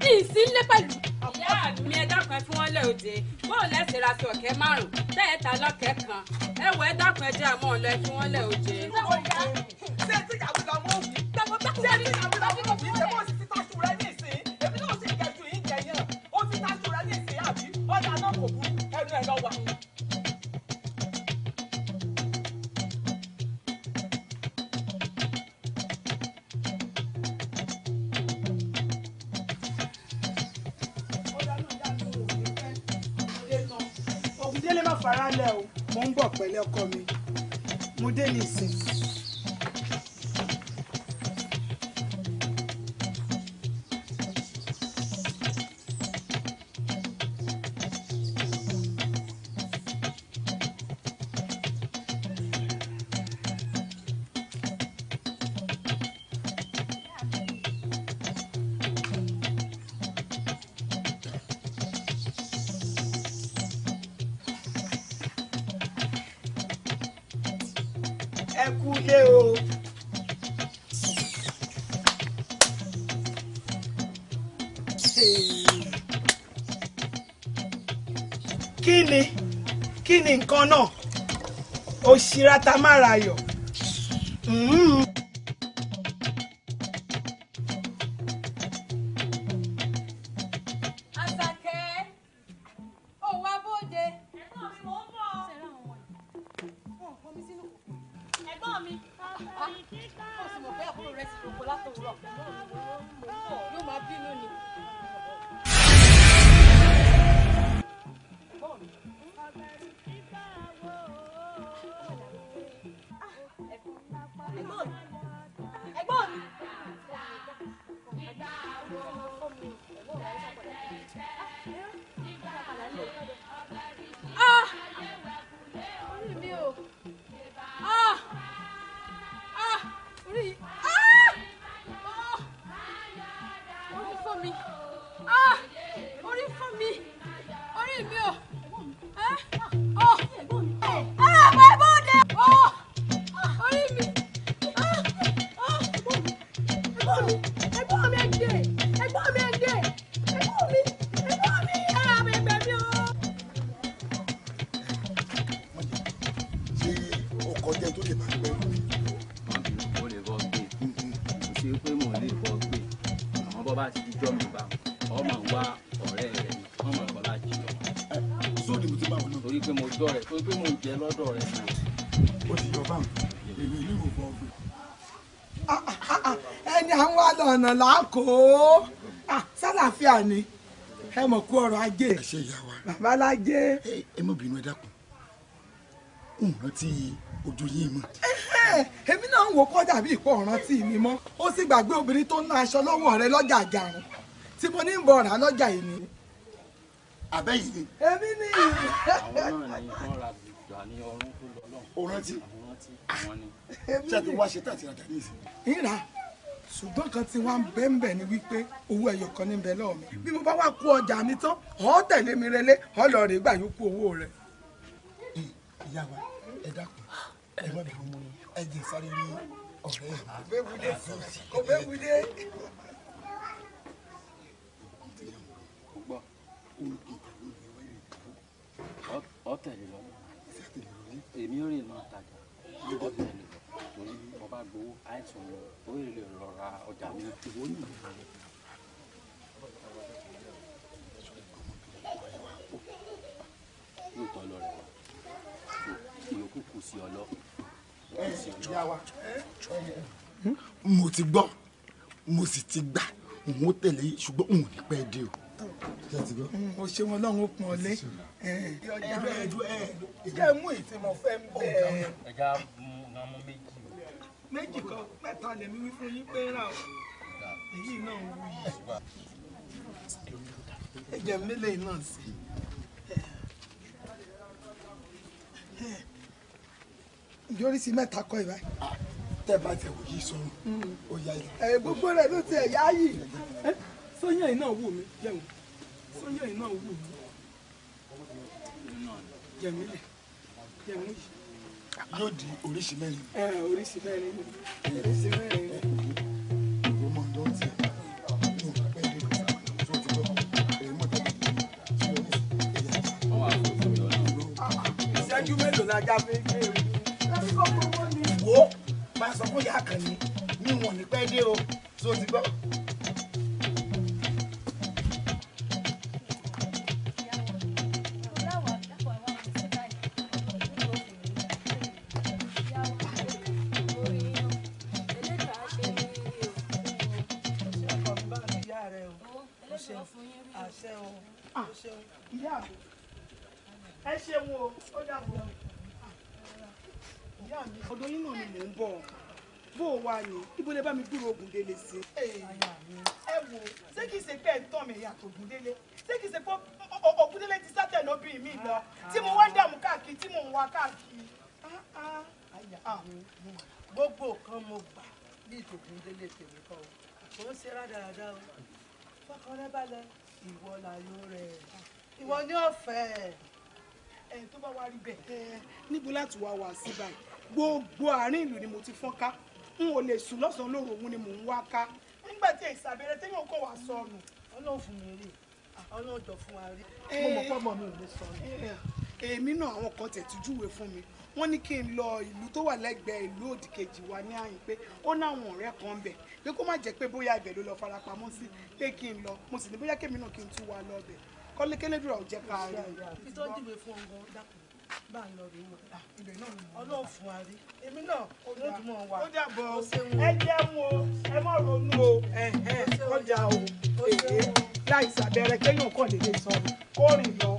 dì í sílé pẹ̀lú. ìyá àdùnní ẹ dákun ẹ fún wọn lẹ òde bóun lẹsẹ ra sí ọ̀kẹ́ márùn tẹyẹ ta lọkẹ kan ẹ wọ ẹ dákun ẹ jẹ àmọ́ ọlọ ẹ fún wọn lẹ òde. ṣé ti ìyàwó lọ mọ òbí ṣé ti ìyàwó lọ mọ òbí ṣé mo sì ti tọ́jú rẹ ní ìsìn èmi náà sì ń jẹ ju ìjẹ yẹn ó ti tọ́jú rẹ ní ìsìn àbí ọ̀dà náà kò bú ẹnu ẹ̀ lọ wà. pẹ̀lẹ́ ọkọ mi mo dé nísìnyí. ata mára yọ. mm mm-hmm. jẹ lọ́dọ̀ rẹ fún ọ. ó ti yọ báńkì èmi ìlú ìwòkọ ọgbẹ. ẹni àwọn àlọ́ọ̀nà làákòó ah, sálàáfíà ni ẹ mọ̀ kú ọrọ̀ ajé bàbá ẹ mọ̀ bínú ẹ dákun ń rántí ojú yín mọ́. èmi náà ń wò kọ́ dàbí ìpọ̀ rántí mi mọ́ ó sì gbàgbé obìnrin tó ń ná aṣọ lọ́wọ́ rẹ lọ́jà àjàrùn tí mo ní ń bọ̀ rà lọ́jà yìí ni. àbẹ́yìí èmi ni. àwọn náà ni wọ́n ra bí. ní ọrún tó lọ lọ́hùn. o rántí ah, ṣáàtì wá ṣe tàti àjà ní ìsìn. ìrà ṣùgbọ́n kan tí wọ́n bẹ́ ń bẹ̀ ni wípé owó ẹyọ kan ní bẹ lọ́wọ́ mi hmm. bí mo bá wà kó ọjà mi tán ọ̀ tẹ̀lé mi relé ọ̀ lọ rè gbà yókù owó rẹ̀. ìyá wa ẹ dákun ẹ má bẹ̀rù mu ẹ jẹ sáré ní ọ̀rẹ́ ẹ̀. ọbẹ̀ wulẹ̀ ọbẹ̀ wulẹ̀. ọtẹ̀lé lọ èmi ò rè máa tajà nígbà tí ẹni lọ torí mo bá gbowó àìsàn mi ó lè lọ ra ọjà mi ìwọ ní ìlú rẹ. lóòótọ́ lọ rẹ wa ìyókù kù sí ọlọ. Hmm? mo ti gbọ́ mo sì ti gbà n ó tẹ̀lé ṣùgbọ́n n ò ní pẹ́ dé o o ṣeun ọlọ́run ó pọn ọlé jẹ́ mú ìtìmọ̀ fẹ́ ń bẹ́ẹ̀. ẹja ọmọ méjì. méjì kan mẹ́ta lèmi wí fún yín pé rà ó èyí náà wù yìí. ẹjẹ mélòó náà sí. ìjọ́rí sí mẹ́ta kọ́ ìbáyìí ah, tẹ́ bá tẹ̀ wò mm. yìí sọ́run gbogbo rẹ̀ ló ti ẹ̀ yá sọ́yìn ẹ̀yìn náà wù mí jẹun sọ́yìn ẹ̀yìn náà wù mí jẹun lẹ̀ jẹun yóò di oríṣi mẹ́rin. oríṣi mẹ́rin oríṣi mẹ́rin. wo máa sọ fún yàrá mi wọn ní pẹ́ dé o tó ti gbọ́. bọ̀ bó o wà ní ibo lè bá mi dúró Ògúndélé sí. ẹ wo ṣé kìí ṣe pé ẹ ń tàn mí ìyàtọ̀ Ògúndélé ṣé kìí ṣe pé Ògúndélé ti sátẹ̀ lóbi mi lọ tí mo wá ń dààmú káàkiri tí mo ń wá káàkiri. Ah, ah. gbogbo kan mo gbà bí ìtògúndélé tèmi kọ́ o kò ń ṣe rádaràda o fọkàn rẹ balẹ̀ ìwọ làyò rẹ ìwọ ní ọ̀fẹ́ ẹ̀ tó bá wá rí bẹ́ẹ̀. níbo láti wá wá sí báyìí gbogbo àárín ìlú ni mo ti fọ́n ká n ò lè sùn lọ́sàn-án lóru òun ni mò ń wá ká nígbà tí èsì abẹ́rẹ́ téèyàn kọ̀ wá sọnù ọlọ́run fún mi rí ọlọ́run jọ fún wa rí mo mọ̀ pọ́mọ mi ò lè sọnù. Eh, èmi náà àwọn kan tẹ̀ tún júwe fún mi wọ́n ní kí n lọ ìlú tó wà lẹ́gbẹ̀ẹ́ ìlú òdìkejì wa ní àyìn pé ó náwọn ọ̀rẹ́ kan bẹ̀ pé kó má jẹ́ pé bóyá ibẹ̀ ló lọ farapamọ́ sí pé kí n lọ mo sì ní bóyá kémi náà kí n tún wa lọ bẹ̀ kọ́lékélédùrà ò jẹ́ ká rí i bá a lọ rí wọn ah, ọlọ́run fún wa rí èmi náà kéèyàn kọ̀ lè lè sọ̀rọ̀ kó rìn lọ.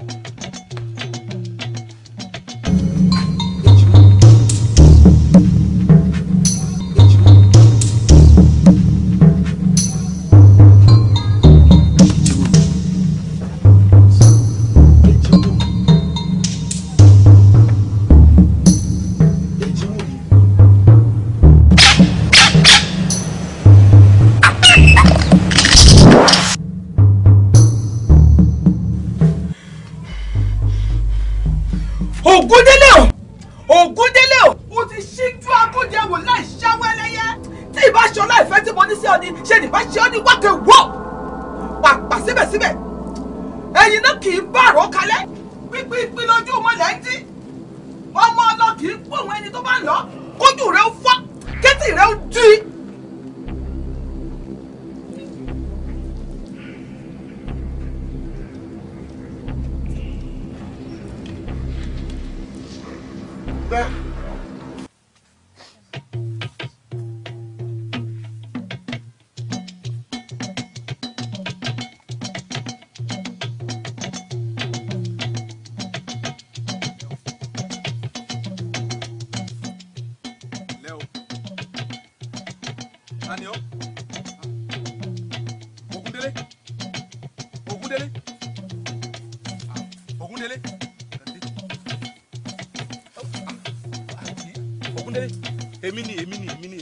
Emini, Emini, Ògúndélé?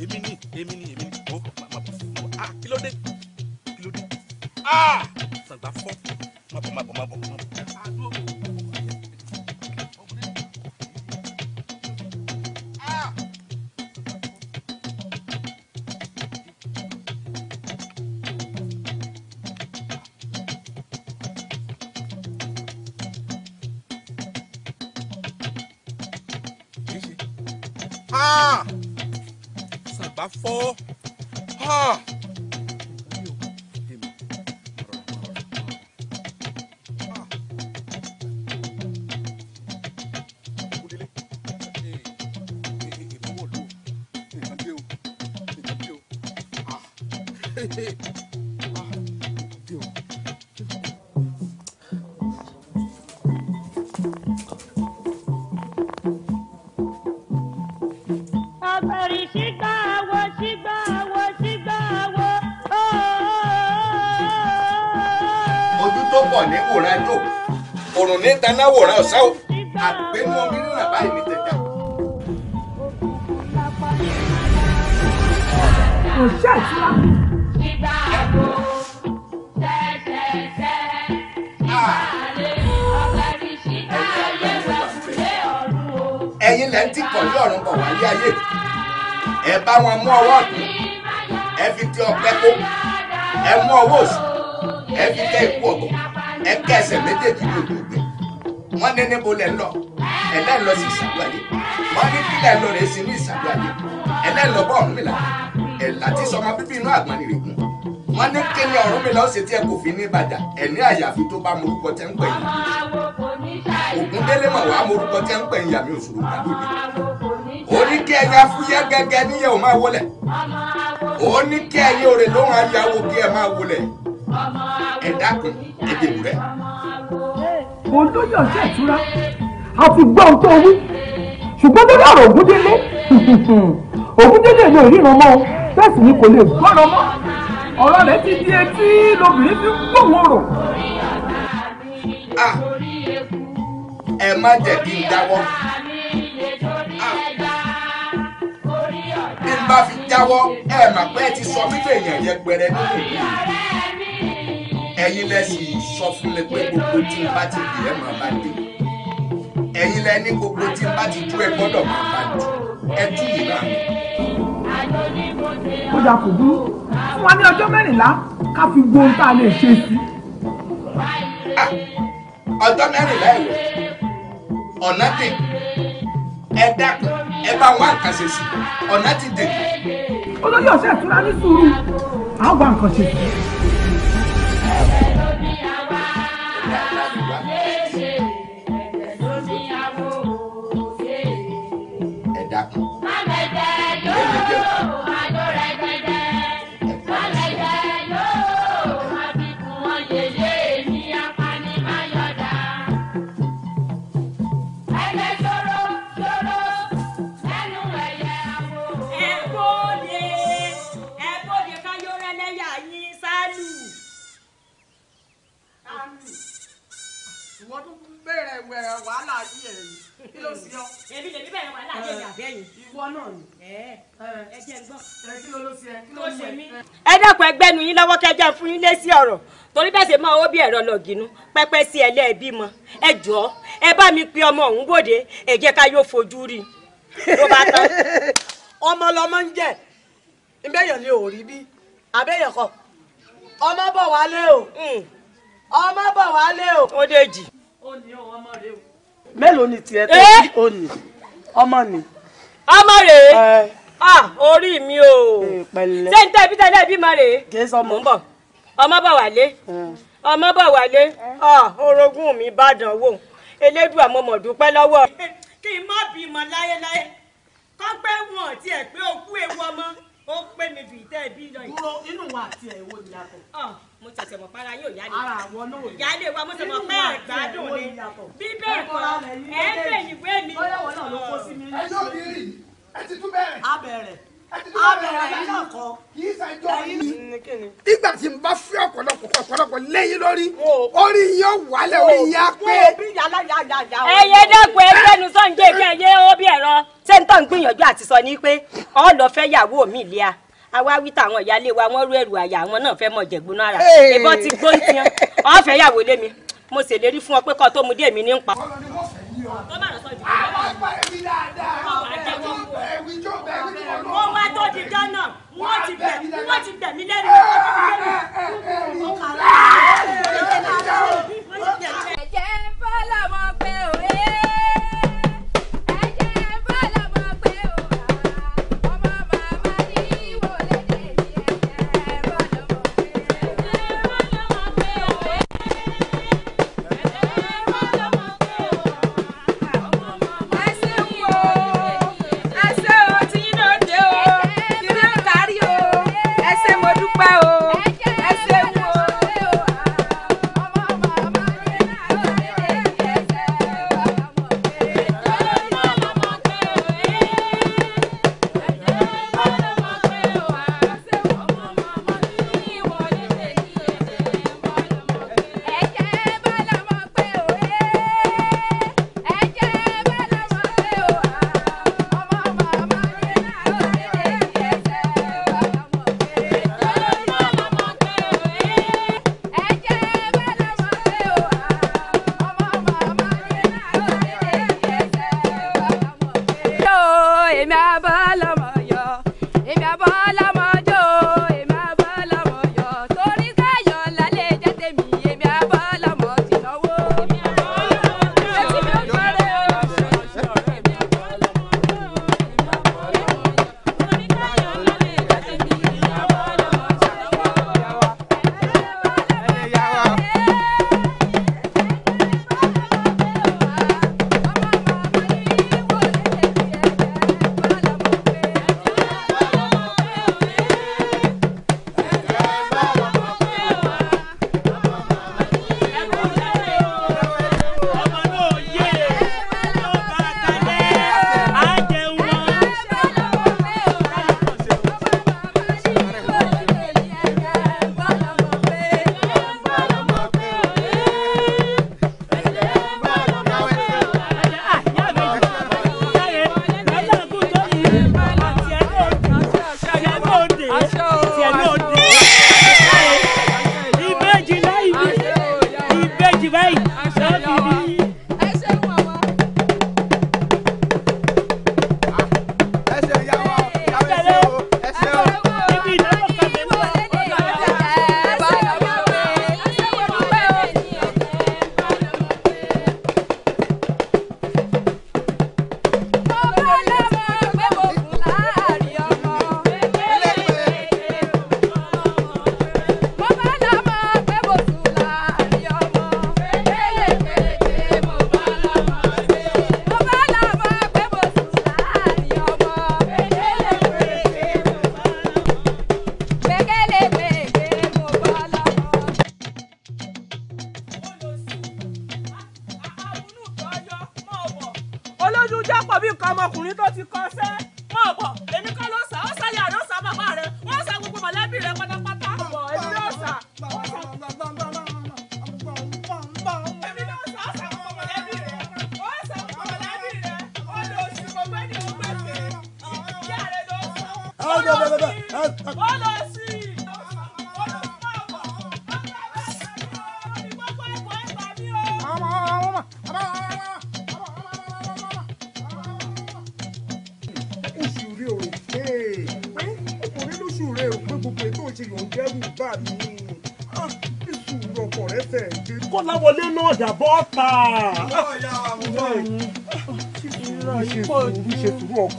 Emini. ojú tó pọ̀ ní wòran jò òrùn ní tanáwòrán ọ̀sá o. wọn mú ọwọ́ ọ̀tún ẹ fi tẹ ọ̀pẹ kó ẹ mú ọwọ́ òsì ẹ fi tẹ ikú ọ̀gbọ̀n ẹ kẹsẹ̀ méjèèjì ní ojú ìgbẹ́ wọ́n ní níbo lẹ̀ ń lọ ẹ lẹ́ ń lọ sí ìsàlù ayé wọ́n ní kílẹ̀ ń lọ rẹ̀ sí ní ìsàlù ayé ẹ lẹ́ ń lọ bọ́ọ̀lù mi là ẹ̀ láti sọmọ bíbí inú àgbọ̀n nìrè kù wọ́n ní kíni ọ̀rùn mi lọ́sẹ̀ tí ẹ kò fi ní ìbàdà ẹ̀ ní àyàfi tó bá morúkọ tẹ́ ń pẹ̀yìn ògúndélé mọ̀ wá morúkọ tẹ́ ń pẹ̀yìn àmì òṣùwọ̀n àdúgbò ẹ̀yin afúyẹ́ gẹ́gẹ́ níyẹn ò máa wọlẹ̀ ó ní kí ẹ̀yin òrè lóhùn ayáwó kí ẹ máa wọlẹ̀ ẹ dákun ẹ dèrò rẹ. mo ń lóye ọ̀sẹ̀ ìtura a ti gbọ́ ohun tó wí ṣùgbọ́n lórí ọ̀rọ̀ ògúndélé ògúndélé lè ríran mọ́ bẹ́ẹ̀ sì ni kò lè gbọ́ràn mọ́ ọ̀rọ̀ rẹ̀ ti di etí lobìnrin fi ń gbóhùn rò. Ah, ẹ má jẹ́ kí n dáwọ́. ń bá fi jáwọ́ ẹ mà pé ti sọ nínú èèyàn yẹpẹrẹ nínú ìlú ẹ̀yin lẹ́sìn sọ fún mi pé gbogbo tí n bá ti dì ẹ máa bá dé ẹ̀yin lẹ ní gbogbo tí n bá ti dú ẹ gbọ́dọ̀ máa bá dé ẹ tú ìlà mi. ó dà kò burú fún wa ní ọjọ́ mẹ́rìnlá ká fi gbóhùn tá a lè ṣe sí. ọjọ́ mẹ́rìnlá ẹ̀wọ̀ ọ̀nà tè ẹ dákun bá wá nǹkan ṣe sí ọ̀nà ti dè. olóyè ọ̀sẹ̀ ìtura ní sùúrù àwọn nǹkan ṣe sí. èmi lèmi bẹ̀rẹ̀ wà láàyè mi àbẹ́yìn. ìwọ náà ni. ẹ jẹ́ gbọ́. ẹ kí ló ló ṣe ẹ kí ló ṣe mí. ẹ dákun ẹgbẹ́ nu yín lọ́wọ́ kẹjá fún yín lé ọ̀rọ̀ torí bẹ́ẹ̀ ṣe máa owó bí ẹ̀rọ lọ̀gìnú pẹ́pẹ́ sí ẹ lẹ́ẹ̀bí ẹ jọ̀ọ́ ẹ bá mi pe ọmọ ọ̀hún bòde ẹ jẹ́ ká yóò fojú rí i ló bá tán. ọmọ lọmọ ń jẹ ọmọ bọ̀ wálé o hmm. ọmọ bọ̀ wálé ó ní ọmọ rẹ o mélòó ni tiẹ̀ tó kí eh! ó ní ọmọ ni. ọmọ rèé eh. orí mi o ṣé n tẹ́ bí tẹ́lẹ̀ bímọ rèé mò ń bọ̀ ọmọ bọ̀ wálé eh. ọmọ bọ̀ wálé orogún mi bá dán wò elédùn àmọ́mọ́ dúpẹ́ lọ́wọ́. kí n má bímọ láyéláyé kọ́ pé wọn ò tiẹ̀ pé òkú ewu ọmọ ó pè mí bíi tẹ́ ẹ bí lọ inú wa àti ẹ̀ wo ìyàtọ̀. Ah mo tẹ̀sẹ̀ mọ̀ para yóò yálé yálé wa mo tẹ̀ mọ̀ pé àgbàdùn ni bí bẹ́ẹ̀ kọ́ ẹ bẹ̀ ìwé mi. ẹ yóò bí rí ẹ ti tún bẹ̀rẹ̀. a bẹ̀rẹ̀ a bẹ̀rẹ̀ yìí náà kọ́ kì í ṣàjọ yìí. nígbà tí n bá fi ọ̀pọ̀lọpọ̀ ọ̀pọ̀lọpọ̀ lẹ́yìn lórí orí yóò wálẹ̀ orí yá pé. ẹyẹ dẹ́kun ẹ fẹ́nu sọ́njẹ́ kẹ́ ẹ yé ó bí ẹ̀rọ ṣé n tó ń gbìyànjú àti sọ ní pé ọ lọ fẹ́ yàwó mi lẹ́à àwa wí táwọn ìyáálé wa wọ́n rú ẹrù àyà àwọn náà fẹ́ mọ̀ jẹ̀gbóná ara ìbọn ti gbó ń tiyan ọ̀hún fẹ́ yàwó lé mi mo ṣèlérí fún ọ pé kọ́ tó mu dé èmi ní pa. mo wá tó di dáná wọ́n ti bẹ̀ wọ́n ti bẹ̀ mí lẹ́nu ẹ̀jẹ̀ fọlọ́mọ pé òwe.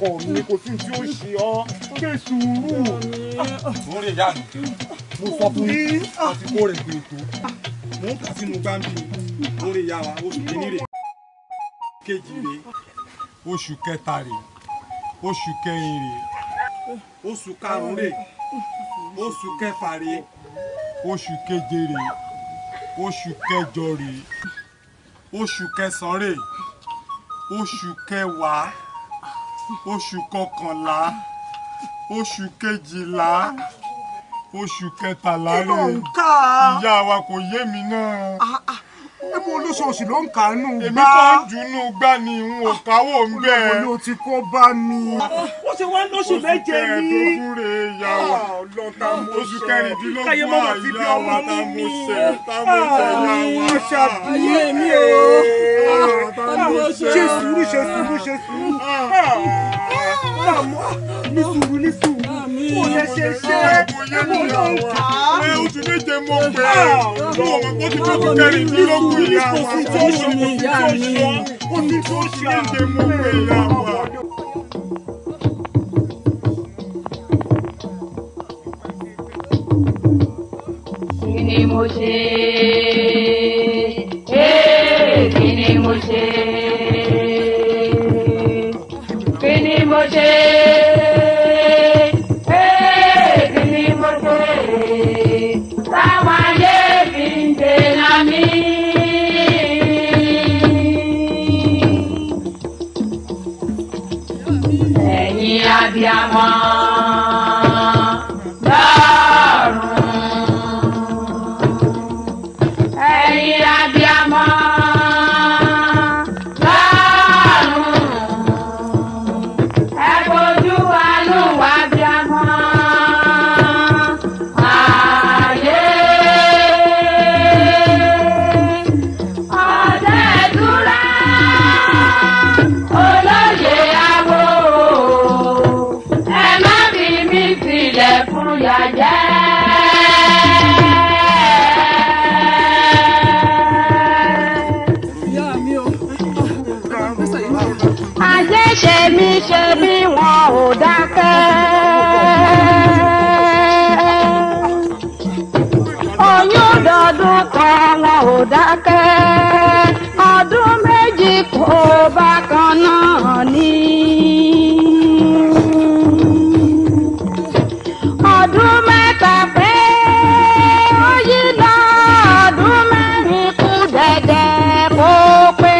ọkọ mi kò sí tí ó ṣe ọ ṣe sùúrù. mo rí ìyá mi mo sọ fún yín àti kó rẹ̀ pé ètò mo ń kà sínú gbáǹbì mo rí ìyá wa oṣù kìíní rè kejì rè oṣù kẹta rè oṣù kẹrin rè oṣù karùn rè oṣù kẹfà rè oṣù keje rè oṣù kẹjọ rè oṣù kẹsàn rè oṣù kẹwàá oṣù kọkànlá oṣù kejìlá oṣù kẹtàlá rè ìyá wa kò yé mi náà. Ah, ah. ẹmu olóṣooṣù ló ń kà á nù gbá. èmi kàn ń dùnú gbá ni n ò káwọ́ ń bẹ́ẹ̀. olóò ti kó bá mi. Ah, ṣe wá lóṣù méje ní. oṣù kẹẹ̀ẹ́dógún rè ya wa ah, ọlọ́ta mo sọ oṣù kẹrìndínlọ́gbọ̀n àyà wa tá mo ṣe tá mo ah, ṣe ya wa. ayé mi o ah, ṣe sùúrù ṣe sùúrù ṣe sùúrù ní sùúrù ní sùúrù oh, lè ṣe ṣe mo ló ń kà á. ẹ oṣù méje mo pè é mo mọ̀ pé oṣù kẹrìndínlọ́gbọ̀n kẹrìndínlọ́gbọ̀n ìyá wa oṣù tó ṣe é mo pè é ìyá wa. mo ṣe? Ee, kí ni mo ṣe? Kí ni mo ṣe? Ee, kí ni mo ṣe? Táwọn dákẹ́ ọdún méjì kò bákan náà ní. ọdún mẹ́ta pé ó yí lọ ọdún mẹ́rin kú dẹ̀dẹ̀ kó pé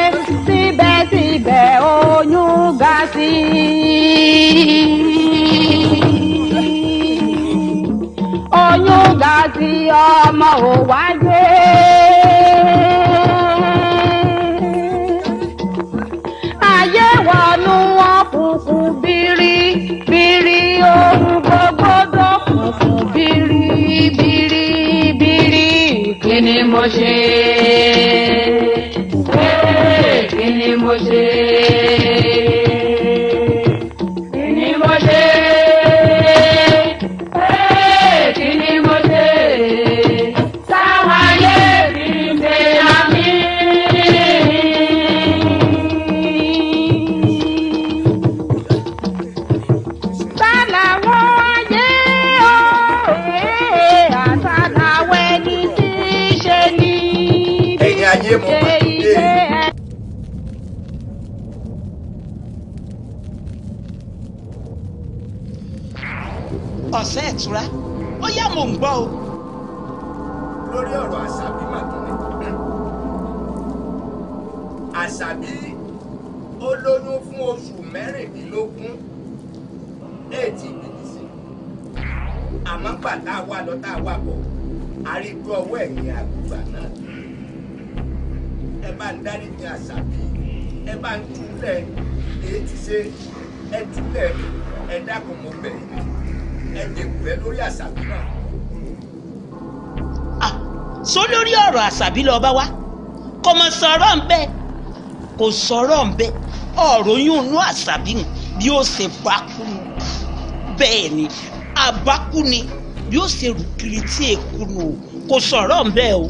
síbẹ̀síbẹ̀ oyún ga sí ọmọ ò मुझे àṣàbí lọ bá wá kò mọ̀ sọ̀rọ̀ ń bẹ́ẹ̀ kò sọ̀rọ̀ ń bẹ́ẹ̀ ọ̀rọ̀ yún inú àṣàbí ni bí ó ṣe bá kú ni bẹ́ẹ̀ ni àbákú ni bí ó ṣe rù kiri tí èkú nù kò sọ̀rọ̀ ń o.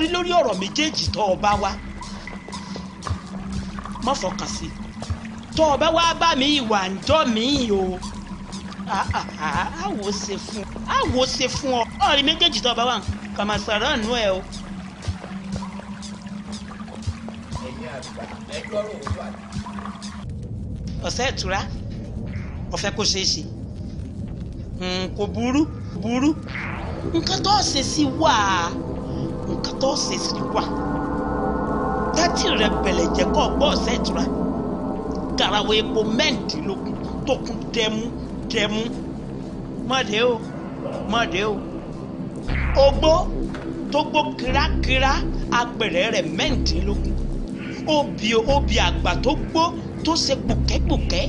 rí lórí ọ̀rọ̀ méjèèjì tó o bá wá má fọkàn sí tó o bá wá bá mi ìwà ń jọ mí o àwò ṣe fún àwò ṣe fún ọ ọ̀rẹ́ méjèèjì tó o bá wà kàmásàrà nù ẹ o. ọ̀sẹ̀ ìtura ọ̀fẹ́ kó ṣeé ṣe hmm, kò burú burú nǹkan tó ṣe sí wà á tó ṣèṣì wà tẹ́tì rẹ pẹ̀lẹ̀jẹ̀ kọ́ ọgbọ́ ọ̀sẹ̀ ìtura garawo epo mẹ́ǹdínlógún tó kún dẹmú dẹmú mọ̀dé o mọ̀dé o ogbó tó gbó kírákírá apẹ̀rẹ̀ rẹ̀ mẹ́ǹdínlógún obì obì àgbà tó gbó tó ṣe pòkẹ́pòkẹ́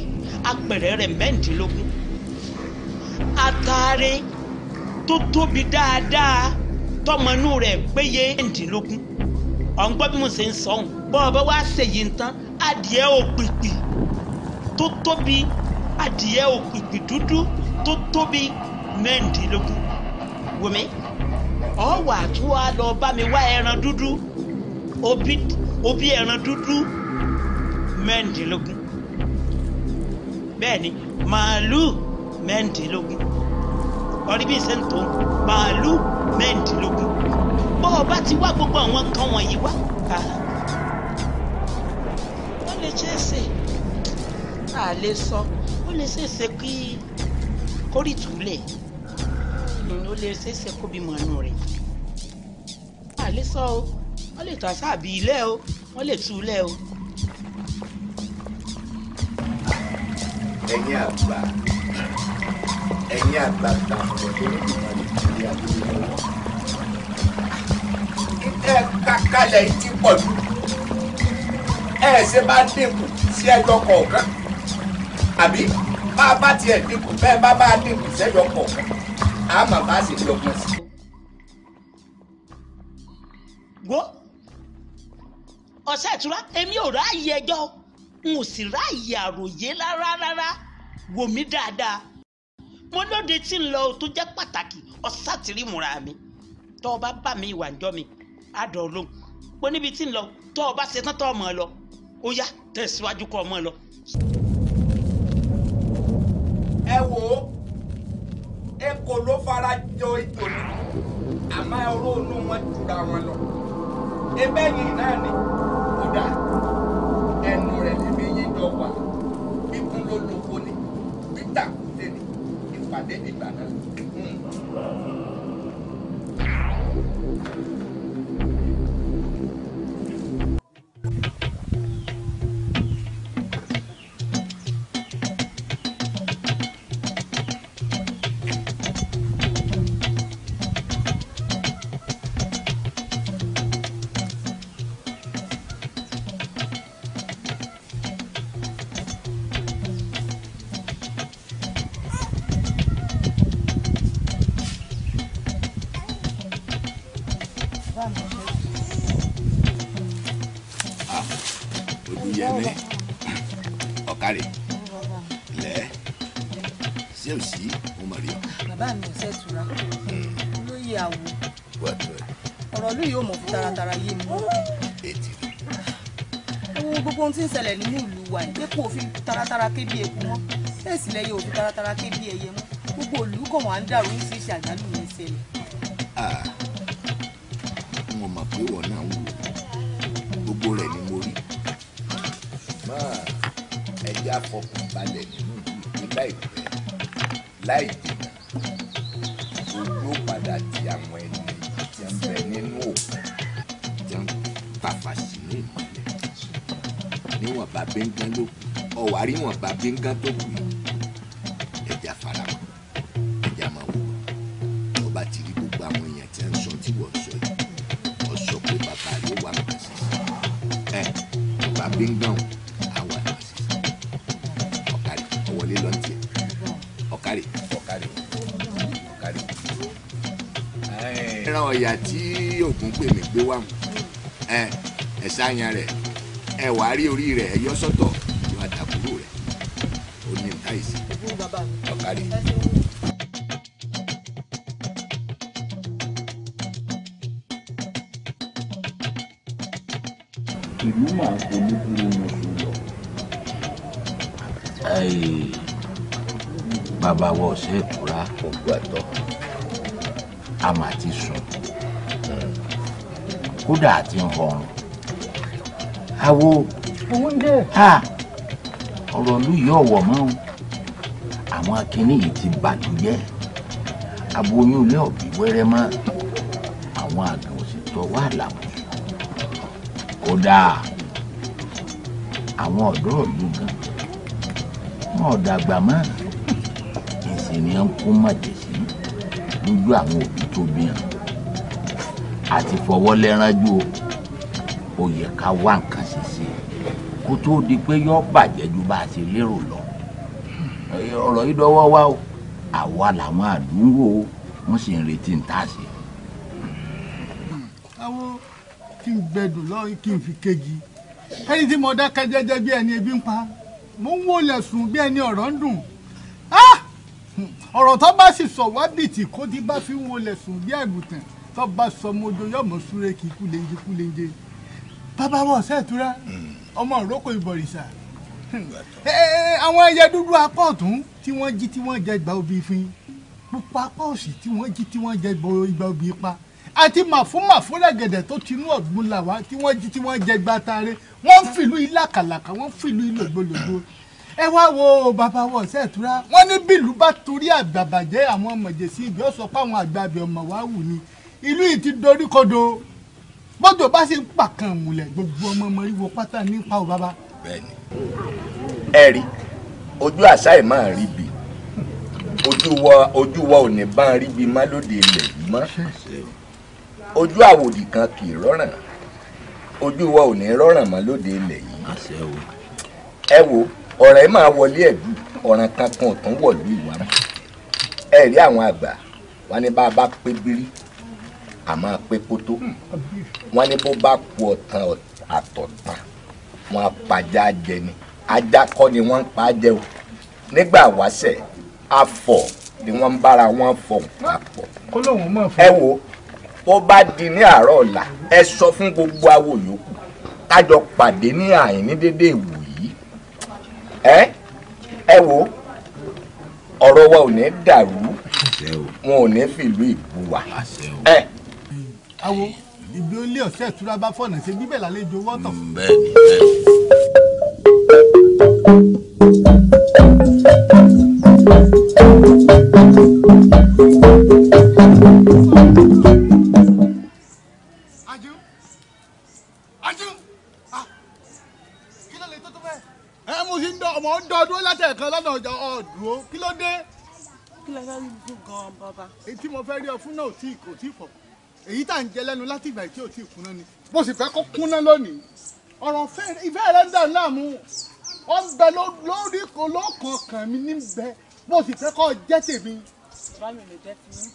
apẹ̀rẹ̀ rẹ̀ mẹ́ǹdínlógún àtàrí tó tóbi dáadáa. tọmọ inú rẹ̀ péye ẹ̀ǹdínlógún ọ̀n bí mo ṣe ń sọ wá ṣèyí tán adìẹ òpìpì tó tóbi adìẹ òpìpì dúdú tó tóbi lọ bá mi wá ẹran dúdú ọ̀rí bí ìṣe ń tó bàálù mẹ́rìndínlógún bọ́ ọ bá ti wá gbogbo àwọn nǹkan wọ̀nyí wá ó lè ṣe é ṣe tá a lè sọ ó lè ṣe é ṣe kí kórìtù lẹ̀ hmm, ó lè ṣe kó bímọ inú rẹ̀ tá a lè sọ o wọ́n lè tà sáàbì ilẹ̀ o wọ́n lè tú ilẹ̀ o. ẹ̀yin àgbà. ẹ̀yin àgbààgbà ọ̀rọ̀ ní ti pọ̀ jù ẹ ṣe bá dínkù sí ẹjọ́ kọ̀ọ̀kan àbí bá a bá tiẹ̀ dínkù bẹ́ẹ̀ bá bá a dínkù sẹ́jọ́ kọ̀ọ̀kan a máa bá a sì fi sí. ọ̀sẹ̀ ìtura èmi ò ráàyè ẹjọ́ n ò sì ráàyè àròyé rárá rárá wò mí dáadáa mo lóde tí ń lọ tó jẹ́ pàtàkì ọ̀sá tìrí múra mi tọ́ ọ bá bá mi ìwà ǹjọ́ mi á dọ̀ ọ́ lóhùn mo níbi tí ń lọ tọ́ ọ bá ṣetán tọ́ ọmọ lọ ó yá tẹ̀síwájú kọ́ ọmọ lọ. ẹ wo èkó ló fara jọ ìjò mi àmọ́ ọ̀rọ̀ inú wọn jura wọn lọ ebẹ́yìn náà ni kódà ẹnu rẹ̀ lè méjì jọ wà. padre nígbà náà. ìgbẹ́pọ̀ òfin taratara ké bí eku mọ́ bẹ́ẹ̀ sì òfin taratara ké bí mọ́ gbogbo òlú kàn wá ń dàrú oríṣiríṣi àjálù ní ìṣẹ̀lẹ̀. n ò mọ̀ pé náà wù gbogbo rẹ̀ ni mo rí máa ẹja fọkàn nínú ìlú láìpẹ́ láì jẹ́ bẹ́ngàn ló ọ̀wá rí wọn bá bẹ́ngàn tó kù yìí ẹja faramọ́ ẹja máa wò wọ́n bá ti rí gbogbo àwọn èèyàn tí wọ́n sọ tí wọ́n sọ yìí wọ́n sọ pé bàbá ló wà nǹkan sí ẹ bàbá bẹ́ngàn o àwọn àgbà sí ọ̀kàrì ọ̀wọ́lé lọ́ntì ọ̀kàrì ọ̀kàrì ọ̀kàrì ẹran ọ̀yà tí ògùn pè mí gbé wà mú ẹ ẹ̀ sáyẹn rẹ̀ ẹ wàá rí orí rẹ̀ ẹ yọ sọ́tọ̀ yọ àdàkúrò rẹ̀ ó ní táìsì ọ̀kárí. ìlú máa kó nígboro wọn sùn lọ. bàbá wọ ọ̀sẹ̀ ìtura ògùn àtọ́ a máa ti sùn kódà àti ń họrùn àwo ọ̀rọ̀ ìlú yìí ọ̀wọ̀ mọ́ o àwọn akínní yìí ti bàtú jẹ́ aboyún ilé ọ̀bí wẹ́rẹ́ mọ́ àwọn àgbà òsìtọ́ wà lábùú kódà àwọn ọ̀dọ́ ìlú gan wọn ò dàgbà mọ́ ẹ̀sìn ni ń kó màjèsí lójú àwọn òbí tó bí hàn àti fọwọ́ lẹ́ránjú o yẹ ká wá nǹkan kó tó di pé yọ bàjẹ́ ju bá a ṣe lérò lọ ọ̀rọ̀ yìí dọ́wọ́ wa o àwa làwọn àdúgbò wọn sì ń retí ń tà sí. àwo kí n gbẹdùn lọ́yìn kí n fi kejì ẹni tí mo dákẹ́ jẹ́jẹ́ bí ẹni ebi ń pa mo ń wọlé sùn bí ẹni ọ̀rọ̀ ń dùn ah! ọ̀rọ̀ tó bá sì sọ wábìtì kó tí bá fi ń wọlé sùn bí àgùntàn tó bá sọ mojo yọ̀mọ̀ súré kí kúlenje kúlenje bàbá wọn ọ̀sẹ̀ ìtura hmm. ọmọ òrókò ìbọ̀rìṣà hmm, eh, eh, eh, àwọn ẹyẹ dúdú apá ọ̀tún tí wọ́n jí tí wọ́n jẹ ìgbà obì fún pupa apá òsì tí wọ́n jí tí wọ́n jẹ ìgbà obì pa àti màfúmàfú lẹ́gẹ̀dẹ̀ tó tinú ọ̀gbun làwá tí wọ́n jí tí wọ́n jẹ ìgbà taare wọ́n ń fìlú ìlàkàlàkà wọ́n ń fìlú ìlògbòlògbò ẹ wá wo bàbá wọn ọ̀sẹ̀ ìtura ní bílù bá torí àgbàbàjẹ́ àwọn ọmọ wa wù ni ìlú yìí bọ́jọ́ bá ṣe ń pàkan múlẹ̀ gbogbo ọmọ ọmọ ìwọ pátá nípa ò bàbá. bẹ́ẹ̀ni ẹ rí ojú àṣà ẹ máa rí bi ojú wa ojú wa ò ní bá ń rí bi má lóde ilẹ̀ mọ́ ojú àwòdì kan kì í rọ́ràn ojú wa ò ní rọ́ràn mọ́ lóde ilẹ̀ yìí ẹ wo ọ̀rọ̀ ẹ máa wọlé ẹ̀dùn ọ̀ràn kankan ò tún wọ̀lú ìwárà ẹ rí àwọn àgbà wọn ni bá a bá pé bírí a máa pé kótó wọn ní bó bá ku ọ̀tàn àtọ̀tàn wọn apàjá jẹ ni ajá kọ́ ni wọ́n ń pa á jẹ o nígbà wáṣẹ̀ afọ̀ ni wọ́n ń bára wọn fọ̀ papọ̀ ẹ wo bó bá di ní àárọ̀ ọ̀la ẹ sọ fún gbogbo awo yòókù kájọ pàdé ní àìní dédé ìwò yìí ẹ ẹ wo ọ̀rọ̀ wa ò ní dàrú wọn ò ní fìlú ìbú wa ẹ. Eh, awo ìbí olé ọ̀sẹ̀ ìtura bá fọ̀nà ṣe bíbẹ̀ lálejò wọ́tọ̀. Mm, bẹ́ẹ̀ni bẹ́ẹ̀ni. ajú ajú ah, kí ló lè tó tó bẹ́ẹ̀. ẹ mo ti ń dọ ọmọ ń dọ dúró látẹ̀ẹ̀kan lọ́nà ọjà ọ̀dùn kí ló dé. kí ló fẹ́ rí fún gan-an bàbá. èyí tí mo fẹ́ rí ọ fún náà ò tí kò tí fọ̀ èyí tá à ń jẹ lẹ́nu láti ìgbà tí ò tí ì kúnná ni bó sì fẹ́ kó kúnná lónìí ọ̀rọ̀ ìfẹ́ rẹ̀ ń dà láàmú ó ń bẹ lórí olókànkàn mi níbẹ̀ bó sì fẹ́ kó jẹ́ tèmi. bá mi lè jẹ́ ti mí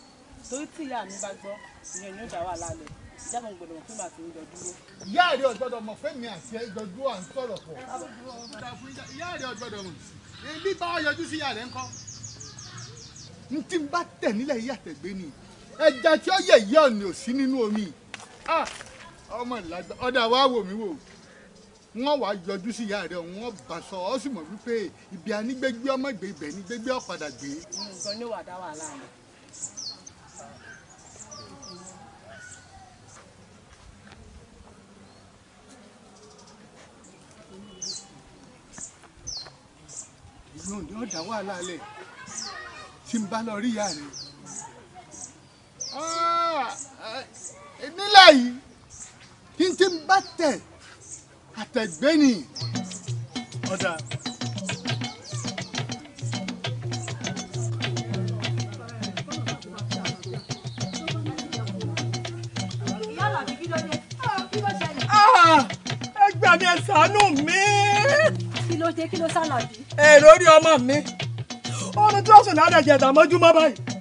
torí tí ìyá mi bá gbọ́ ìyẹn yóò dá wà lálẹ́ ìjábọ̀ ń gbọ́dọ̀ fún màtí ìjọ dúró. ìyá rẹ̀ ọ̀gbọ́dọ̀ mọ̀ fẹ́ mi àti ìjọ dúró à ń sọ̀rọ̀ pọ̀. ìyá rẹ̀ ọ̀gbọ́dọ̀ mọ̀ bí bá yọjú sí ìyá rẹ̀ ńkọ́. n bá tẹ̀ nílẹ̀ yíyàtẹ̀ gbé ni ẹja tí ó yẹ yí ọ̀nà òsí nínú omi ọmọ ìlàgbà ọ̀dà wa wò mí wò wọ́n wàá yọjú sí ìyá rẹ̀ wọ́n bá sọ ọ́ sì mọ̀ wípé ibi anígbégbé ọmọ ìgbé ibẹ̀ ní gbégbé ọ̀padà gbé. nǹkan ní wàdá wà láàrin. ìlú òní ọ̀dà wà lálẹ́ tí ń bá lọ rí ìyá rẹ̀ nílẹ̀ ah, eh, yìí kí n ti bá tẹ̀ àtẹ̀gbẹ́ ni ọ̀dà. Ah, ah, ẹ gbà mí ẹ ṣàánú mi. kí ló dé kí ló sálà bí. èrò orí ọmọ mi ọrùn tí wọn sùn náà dẹ̀ jẹ̀dá mọ́jú báyìí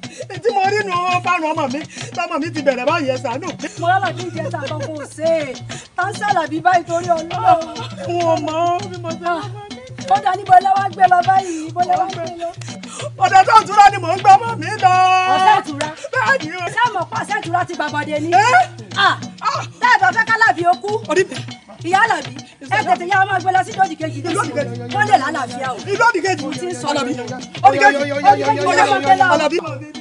tí mo rí nu fáwọn ọmọ mi tọmọ mi ti bẹ̀rẹ̀ báyìí ẹ̀sà nù. mo lọ́la bí ìjẹta kan kò ṣe é tá ń ṣàlàbí báyìí torí ọlọ́run. wọn mọ bí mo ṣe wọn mọ mi. ó dá níbo gbé lọ báyìí ibo lọ́wọ́ gbé lọ. ọ̀dọ̀ tó ìtura ni mò ń gbọ́ mọ́ mi lọ. ọ̀sẹ̀ ìtura bẹ́ẹ̀ o. ṣé mo pa ọ̀sẹ̀ ìtura ti gbàgbọ́dẹ ni. táàbà eh? ah, ah. fẹ́ kálàbí ìyá àlàbí ẹ tètè yá máa gbé sí lódì kejì lóṣù wọn lè lálàáfíà o. ìlú kejì mo ti ń sọ ọ́ lọ́bí. òdì kejì òdì kejì òdì kejì òdì kejì.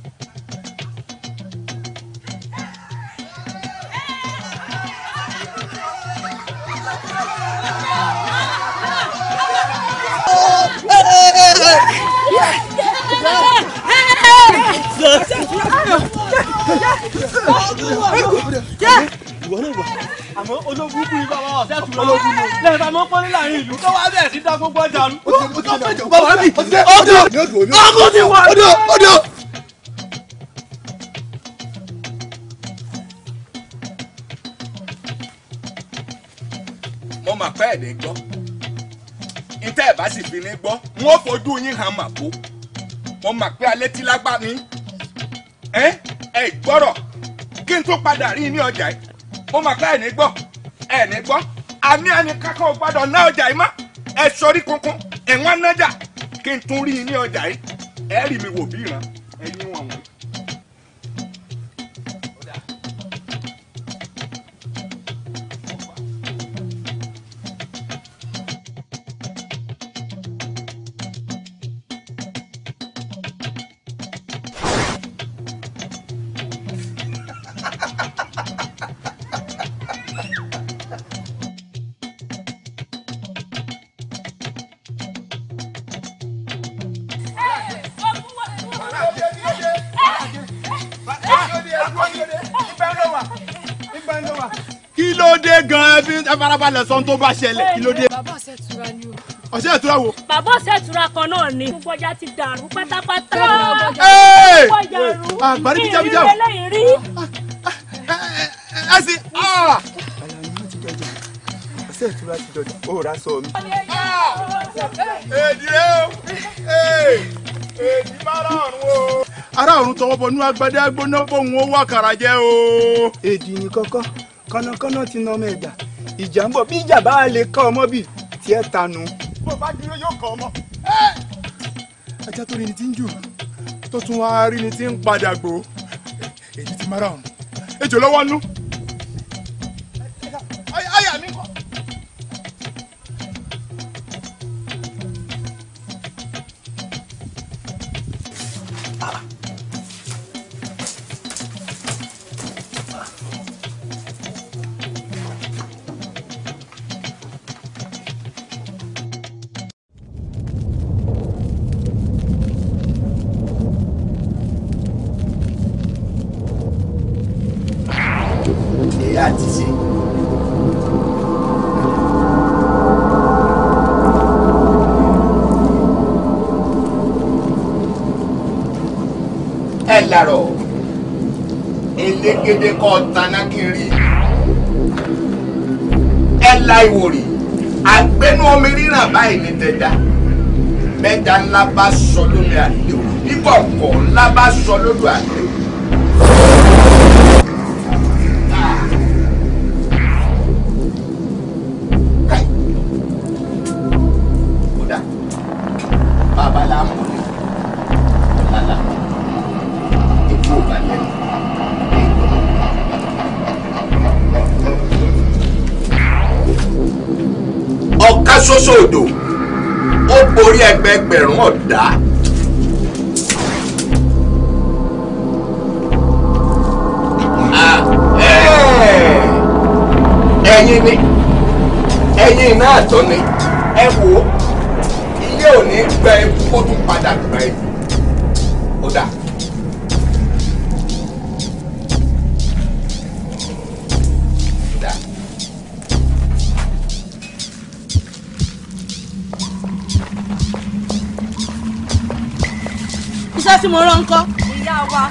àmọ́ ológun kú ibà wọn máa pẹ́ ẹ̀dẹ̀ gbọ́ níta ẹ̀ bá sì fi ní gbọ́ wọ́n fojú yín hàn mà bó wọ́n mà pé alẹ́ tí lágbá mi ẹ ẹ gbọ́rọ̀ kí n tó padà rí ní ọjà yìí wọ́n mà pé ẹ̀ ní gbọ́ ẹ̀ ní gbọ́ àní ẹni kankan ò gbọ́dọ̀ ná ọjà yìí mọ́ ẹ sọrí kankan ẹ̀wọ̀n nájà kí n tún rí ní ọjà yìí ẹ rí mi wò bí ìran farabalẹ̀ sọ tó bá ṣẹlẹ̀ kí ló dé. ọ̀sẹ̀ ìtura wo. bàbá ọ̀sẹ̀ ìtura kan náà ni. gbogbo ti dàrú pátápátá. àgbàdo bíjàbíjà ah, o. ẹ sì. Ah, ah, eh, eh, eh, ọ̀sẹ̀ ìtura ti dọ̀jà ó rà sọ mi. èdìrẹ́ o èdì má rà ọ̀run o ará ọ̀run tọwọ́ bọ̀ nú agbádé agbóná bóun ó wà kàrà jẹ́ o. èdì ní kọ́kọ́ kọ́nàkọ́nà ti nà ọmọ ẹ̀dá ìjà ń bọ̀ bí ìjà bá lè kọ́ ọmọ bì tí ẹ tanu. bó bá dúró yóò kọ́ ọmọ. ajá tó rí ni ti ń jù tó tún wá rí ni ti ń padà gbò èyí ti mara ọ̀hún ejò lọ́wọ́ nú gédé kọ́ taná kí n rí ẹ la ìwòrì àgbẹnú omi ríràn báyìí ní tẹ̀dá mẹ́ta ńlá bá sọ lómi àlè òkú bíbọ̀ ńlá bá sọ lódò àlè sódò ó borí ẹgbẹgbẹ̀rún ọ̀dà. ẹ̀yin ni ẹ̀yin náà tó ni ẹ wò ó ilé ò ní gbẹ kó tún padà gbẹ. tí mo rán ńkọ́. ìyá wa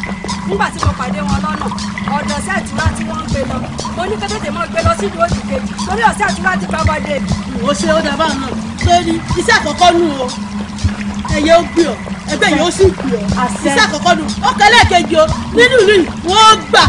nígbà tí mo pàdé wọn lọ́nà ọ̀dọ̀ ọ̀sẹ̀ àtúrà tí wọ́n ń gbé lọ mo ní kété tèmọ́ gbé lọ sílùú òsì torí ọ̀sẹ̀ àtúrà ti bá wa mo ṣe ó dábàá náà sórí iṣẹ́ àkọ́kọ́ nù o ẹ̀yẹ ó gbé ọ ẹgbẹ́ yìí ó sì gbé ọ iṣẹ́ àkọ́kọ́ nù ó kẹ́lẹ́ẹ̀kejì o nínú ìlú yìí wọ́n gbà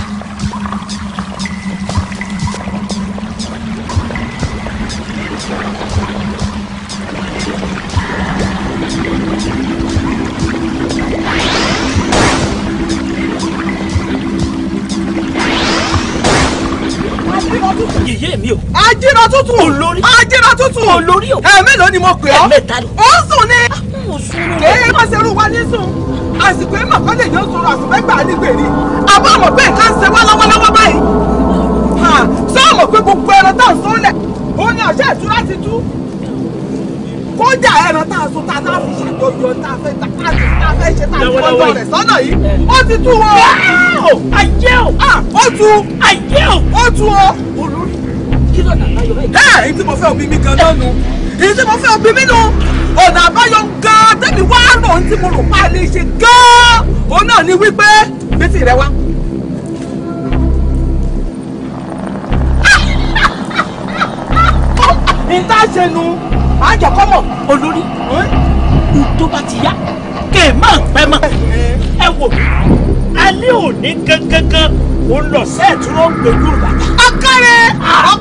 tuntun ò lórí. ajẹ́ra tuntun ò o. ẹ ni mo pè ọ́. ẹ̀mẹ́ta ni. ó sùn ni. kéé má ṣe rú wa ní sùn. àsìkò ẹ̀ màkà lè yọ sọ̀rọ̀ àsìkò ẹ̀ gbà àbá mọ̀ pé nǹkan ṣe wá lọ́wọ́lọ́wọ́ báyìí. sọ́ọ̀mù pé gbogbo ẹran tá à ń sọ́ọ́lẹ̀ ó ní àṣẹ ìtura ti tú kódà ẹran tá a sọ tá tá fi ṣàjọyọ̀ tá fẹ́ tá a ti tá fẹ́ ṣe tá ti wọ́n rẹ̀ sọ́nà yìí ó ti tú o. ayé ah, ayé o ó tu ayé o ó tu o èyí tí mo fẹ́ òbí mi gan náà nu èyí tí mo fẹ́ òbí mi nu ọ̀nà àbáyọ gan tẹ́mi wá rò ohun tí mo rò pa lè ṣe gan òun náà ni wípé bẹ́tì rẹ wá. ìta ṣe nu àjẹkọ́mọ̀ olórí tó bá ti yá kè má pẹ́ mọ́ ẹ wò mí alẹ́ òní gangan ó lọ sẹ́ẹ̀túrọ̀ ń gbẹ̀gbẹ̀ rẹ̀. akẹ́rẹ́ àwọn.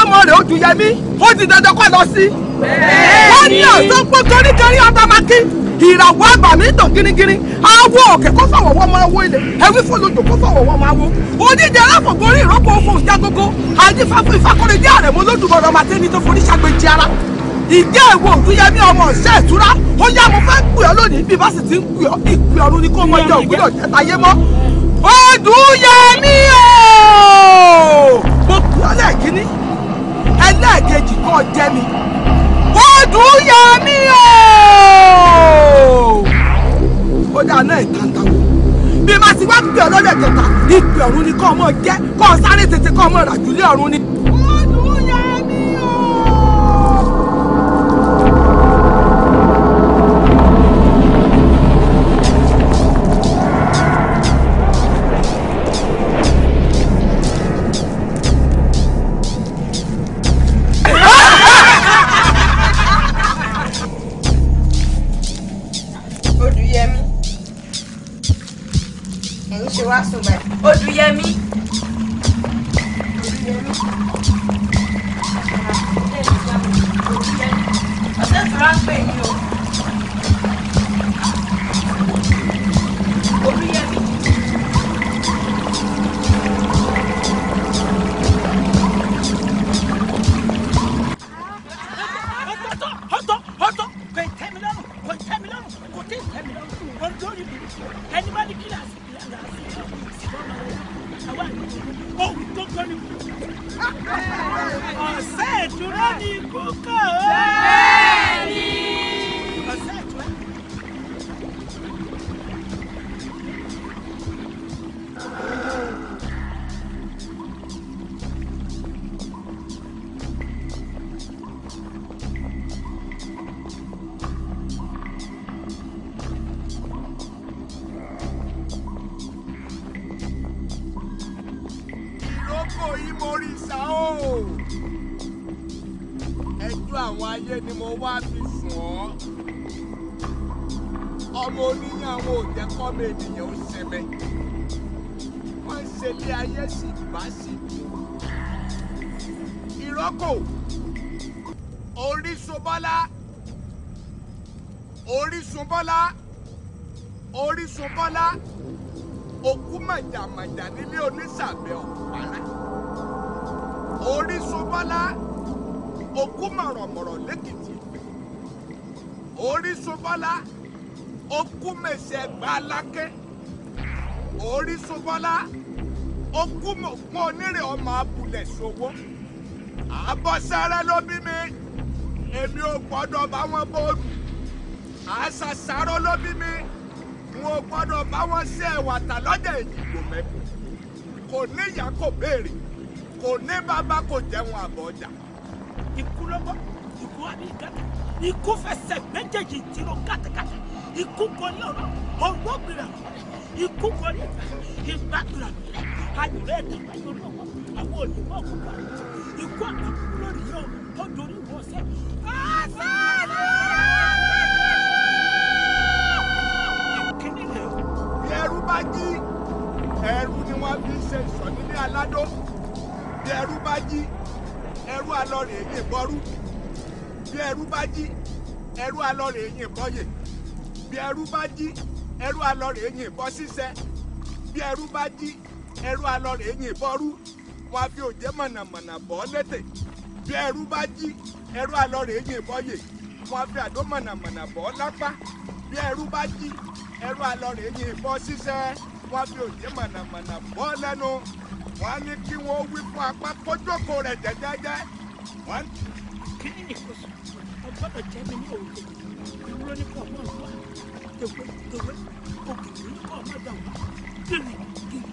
orúkọ rẹ̀ ojú yẹmí ó ti dandan kọ́ lọ sí. wọ́n ní ọ̀sán pé torítorí ọ̀tọ́mákí ìràwọ̀ àgbà mi tàn gírígírí awo òkè kó fọwọ́ wọ́n máa wo ilẹ̀ ẹ̀wí fún lójú kó fọwọ́ wọ́n máa wo onídìí aláfọ̀gbọ́ orí ìrọ́pò òfò ìjágógó àdìfáfún ìfakọ́rẹ́ jẹ́ àrẹ̀mọ lódùmọ̀rọ̀ màtẹ́ni tó forí ṣàgbéjì ara ìjẹ́ ìwọ òdúyẹmí ọmọ ọ̀sẹ̀ ìtura ó yá mo fẹ́ pè ọ́ lónìí bí báṣì ti ń pè ọ́ ìpè ọ̀run ni kó mọ ẹjọ́ ògbúdọ̀ jẹta yé mọ́ òdúyẹmí o mo pè ọ́ lẹ́ẹ̀kínní ẹlẹ́ẹ̀kejì kan jẹ́ mi odù yà mí o. ó dáa náà ìtàntà wò bí màá ti wá pè ọ́ lọ́dẹ̀ kẹta ìpè ọ̀run ni kọ́ ọmọ jẹ́ kọ́ ọ sáré tètè kọ́ ọmọ ràjúlé ọ̀run ni ọwọ́ onírè ọmọ abúlẹ̀ ṣòwò àbọ̀sẹ́rẹ́ ló bí mi èmi ò gbọ́dọ̀ bá wọn bóòlù àṣàṣàrò ló bí mi n ò gbọ́dọ̀ bá wọn ṣe ẹ̀wà tà lọ́jà ìdìbò mẹ́kù kò ní ìyá kò béèrè kò ní bàbá kò jẹun àbọ̀ ọjà. ikú lọ́gbọ́ ikú àbí ìkẹta ikú fẹsẹ̀ méjèèjì tìrọ kàtàkàtà ikú kọrí ọ̀rọ̀ ọ̀rọ̀ gbìrà ikú kọrí olùkọ́ òkúta ikú àtàkùn lónìí o tó dorí wọ sẹ́. ọ̀sán ìkíni rẹ̀ o. bí ẹrú bá jí ẹrú ni wọ́n fi ṣe ìsọ̀ nílé aládó bí ẹrú bá jí ẹrú alọ́rẹ̀ èyí ìbọrú bí ẹrú bá jí ẹrú alọ́rẹ̀ èyí ìbọyè bí ẹrú bá jí ẹrú alọ́rẹ̀ èyí ìbọ ṣíṣẹ wá bí òjé mọ̀nàmọ̀nà bọ́ lẹ́tẹ̀ bí ẹrú bá jí ẹrú alọ́rẹ̀ yé yè wọ́n bí àdó mọ̀nàmọ̀nà bọ́ lápá bí ẹrú bá jí ẹrú alọ́rẹ̀ yé bọ́ ṣiṣẹ́ wọ́n bí òjé mọ̀nàmọ̀nà bọ́ lẹ́nu wọ́n ní kí wọ́n wí ni ọgbọ́dọ̀ jẹ́ mi ní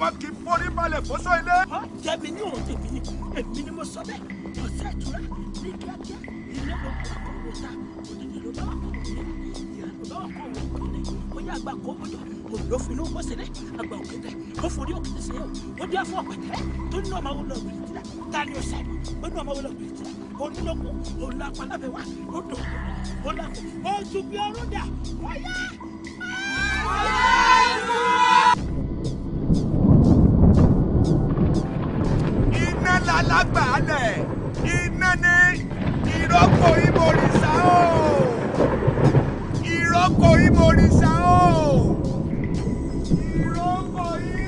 ìwọ kì í forí balẹ̀ fóso ilé. ọ jẹbi ní òun tèmi ni èmi ni mo sọ bẹ́ẹ̀ ọsẹ ìtura ní kíákíá ilé ló kọ àkókò ta òdìdí ló bá àkókò ní ìyá ló bá àkókò ní bóyá àgbà kó bójú òun ló fi ló wọ́ sílẹ̀ àgbà òkè tẹ̀ ó forí òkè tẹ̀ sílẹ̀ ó dé fún ọ̀pẹ̀ tẹ̀ tó nínú ọmọ wọn lọ bìrì tìlà tá a ní ọ̀sẹ̀ ó nínú ọmọ wọn lọ bìrì tìlà onílòkù òun lọ apalabẹ̀ wa ó dùn ó lọ kù ó tún bí ọrùn dà wáyà. wáyà ìlú. alágbàálẹ̀ iná ní ìrókò ìmọ̀rìṣà o ìrókò ìmọ̀rìṣà o ìrókò ìmọ̀rìṣà.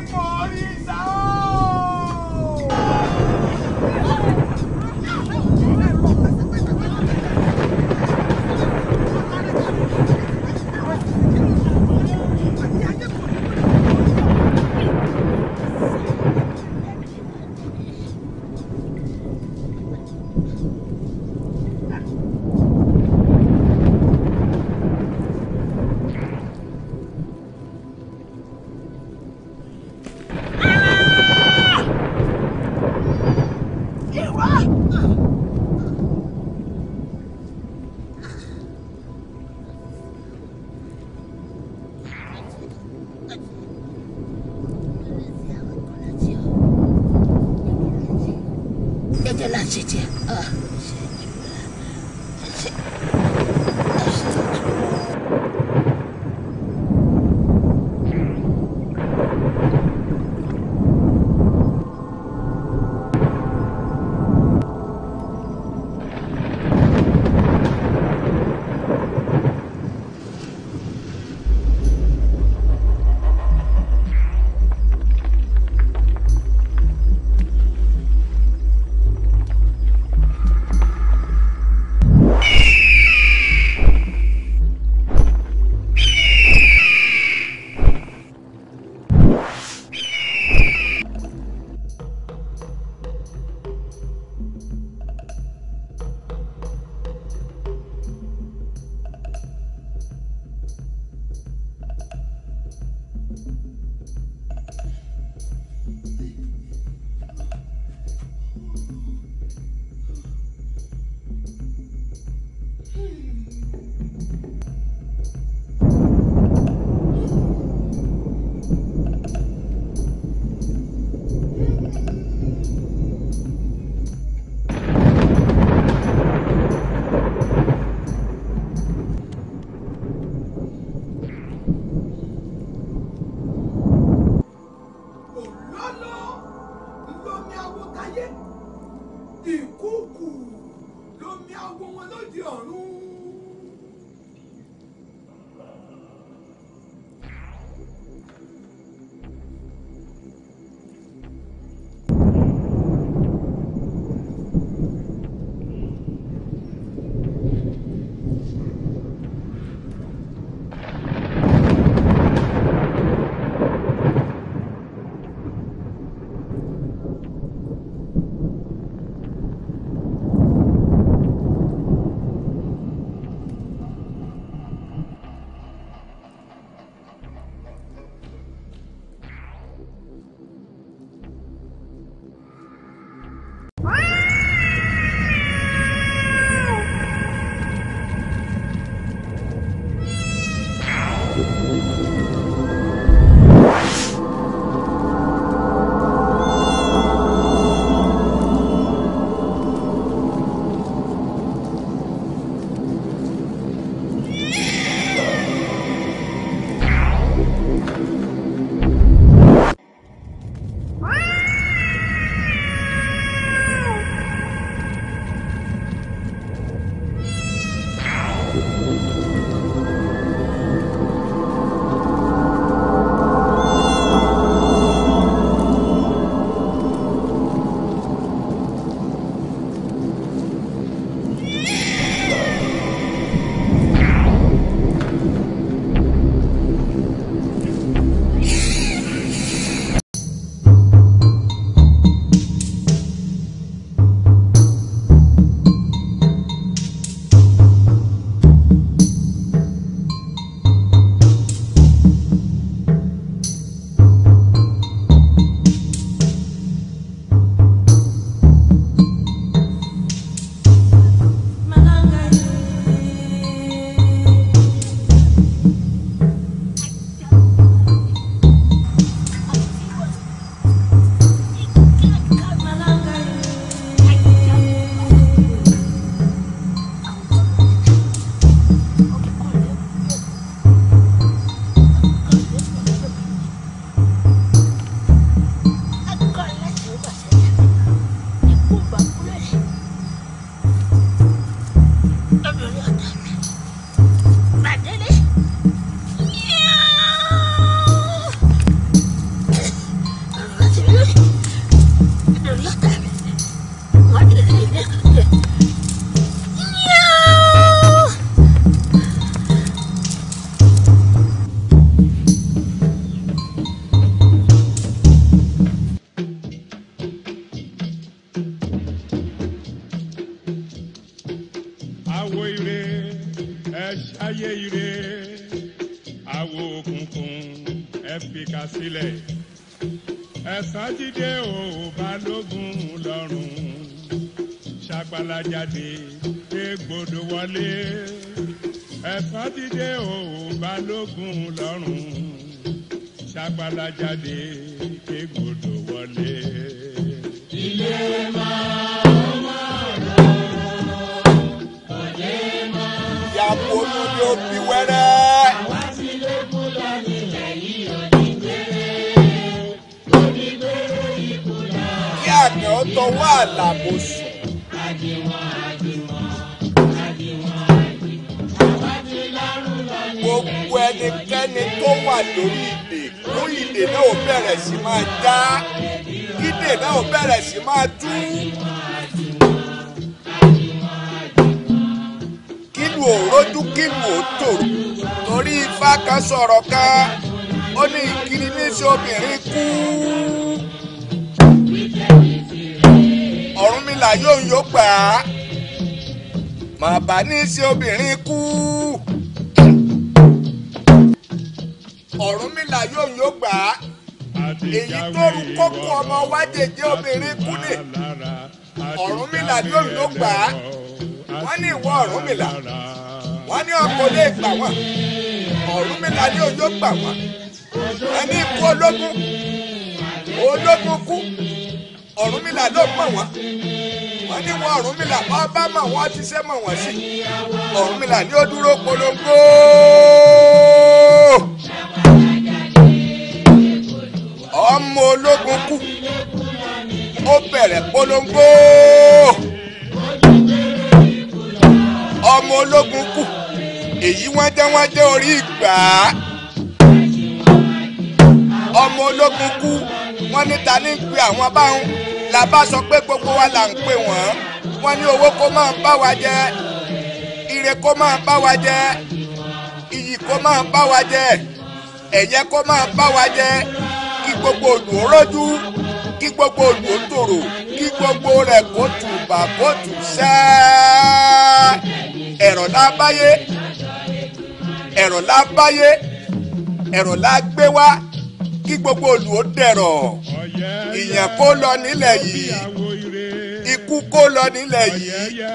sílẹ̀ ẹ̀sán jíde ò balógun lọ́rùn ṣàgbàlá jáde egbodò wọlé ẹ̀sán jíde ò balógun lọ́rùn ṣàgbàlá jáde wà lórí ìdè kó ìdè náà ó bẹ̀rẹ̀ sí máa já ìdè náà ó bẹ̀rẹ̀ sí máa tú. kílù òrójú kílù òtò torí ifá kan sọ̀rọ̀ kan ó ní ìkíni níṣẹ́ obìnrin kú. Ọ̀rúnmìlà yóò yóò gbà á màbá níṣẹ́ obìnrin kú. Ọ̀rúnmìlà yóò yóò gbà á èyí tó rú kókó ọmọ wa jẹjẹ obìnrin kúnlẹ̀ Ọ̀rúnmìlà yóò yóò gbà á wọ́n ní ìwọ Ọ̀rúnmìlà wọ́n ní ọkọ̀ lè gbà wọ́n Ọ̀rúnmìlà yóò yóò gbà wọ́n ẹni ikú ológun ológun kú Ọ̀rúnmìlà ló mọ̀ wọ́n wọ́n ní wọ́n Ọ̀rúnmìlà ọba mọ̀ wọ́n ti sẹ́ mọ̀ wọ́n sí Ọ̀rúnmìlà ni ó dúró polongo. ọmọ ológun kú ó bẹ̀rẹ̀ polongo ọmọ ológun kú èyí wọ́n jẹ́ wọ́n jẹ́ orí ìgbà ọmọ ológun kú wọ́n ní ta ní pe àwọn báwọn la bá sọ pé gbogbo wa là ń pè wọ́n wọ́n ní owó kó máa bá wa jẹ ire kó máa bá wa jẹ iyì kó máa bá wa jẹ ẹ̀yẹ kó máa bá wa jẹ gbogbo olù ó rọ́jú kí gbogbo olù ó tòrò kí gbogbo rẹ̀ kó tù bà kó tù sẹ́ẹ́ ẹ̀rọ̀ lábáyé ẹ̀rọ̀ lábáyé ẹ̀rọ̀ lágbé wá kí gbogbo olù ó dẹ̀rọ̀ ìyẹn kó lọ nílẹ̀ yìí ikú kó lọ nílẹ̀ yìí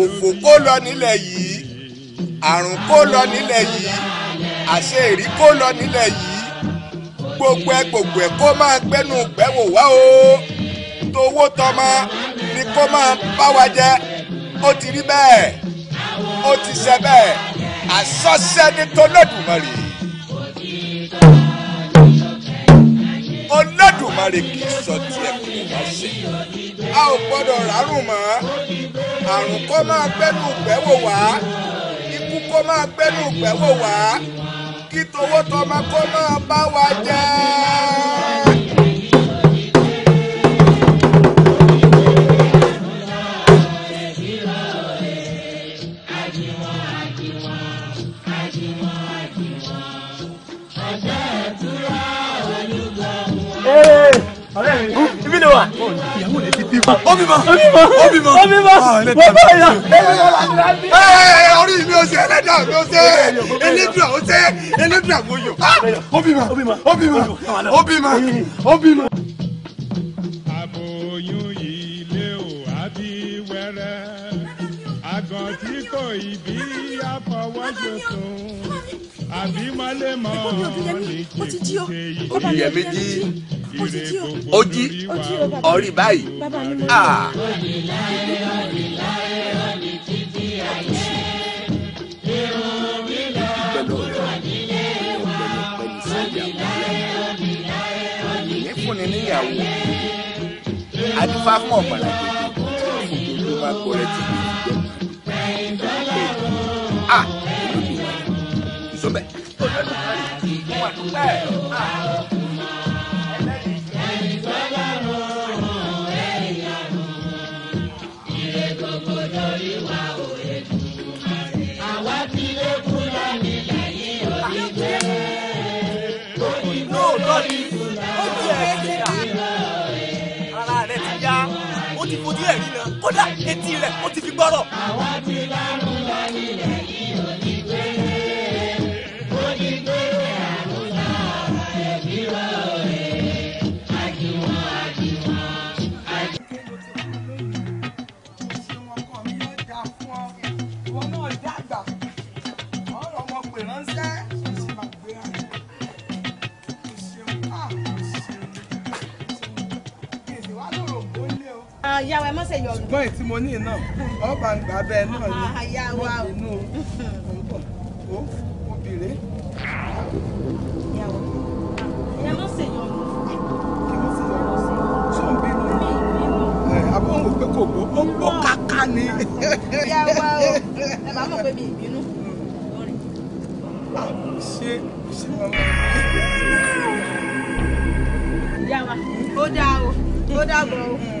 òfò kó lọ nílẹ̀ yìí àrùn kó lọ nílẹ̀ yìí àṣẹ ìrí kó lọ nílẹ̀ yìí gbogbo ẹ gbogbo ẹ kó máa gbẹnu gbẹwò wá o towó tọmọ ni kó máa bá wa jẹ ó ti rí bẹ́ẹ̀ ó ti ṣe bẹ́ẹ̀ àsọsẹ́ ni tọ́lọ́dùmarè Olódùmarè kì í sọ tiẹ̀ kò lè wá ṣe a ò gbọ́dọ̀ rárùn mọ́ àrùn kó máa gbẹnu gbẹwò wá ikú kó máa gbẹnu gbẹwò wá kí towó tọmọ kó máa bá wa jẹ́. ibi ni wa? bímọ ó bímọ ó bímọ ó bímọ ó bímọ wọ́n bá yà. orí mi ò ṣe ẹlẹ́dàá mi ò ṣe ẹlẹ́dàá ò ṣe ẹlẹ́dàá mo yọ ó bímọ ó bímọ ó bímọ ó bímọ ó bímọ. àbòyún yìí lé o àbí wẹ́rẹ́ àgàn tí kò ì ojí ọrí báyìí fúnni níyàwó adífá fún ọ̀pọ̀lá gbogbo tó bá gbọ́ rẹ ti gbé ìjọba ìjọba ìjọba ìjọba ìjọba ìjọba. etí rẹ̀ ó ti fi gbọ́rọ̀. àwa ti lárúbá nílẹ̀. ìyàwó ẹ mọ́sẹ̀ yọrù. ṣùgbọ́n ètí mo ní iná ọba àgbà bẹ́ẹ̀ náà ni mo ah, bínú o mo bìrè. ìyàwó ẹ mọ́sẹ̀ yọrù. tó ń bínú àbọ̀ òun pé kò gbó ó gbó káká ni. ìyàwó ẹ máa mọ̀ pé mi ìbínú. ṣé ṣé màmá. ìyá wa ó dáa o ó dáa bọ̀ o.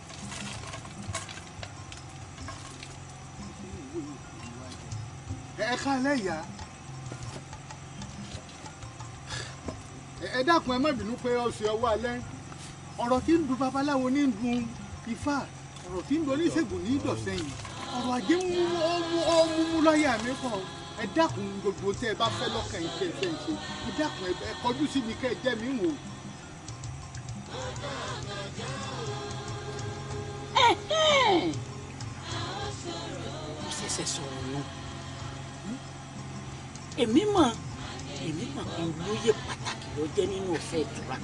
ẹ ká ẹ dákun ẹ má bínú pé ọ̀sẹ̀ ọwọ́ alẹ́ ọ̀rọ̀ tí ń dùn babaláwo ní dùn ifá ọ̀rọ̀ tí ń dùn oníṣègùn ní ìdọ̀sẹ́yìn ọ̀rọ̀ ajé ń lọ́yà mi kọ̀ ẹ dákun gbogbo tẹ ẹ bá fẹ́ lọ́kàn yìí tẹ ẹ ṣe ẹ dákun ẹ kọjú sí mi kẹ ẹ jẹ́ mi wò. ó ṣẹ̀ṣẹ̀ sọ̀rọ̀ náà èmi mọ̀ èmi mọ̀ pé olóyè pàtàkì ló jẹ́ nínú òfin ìtura.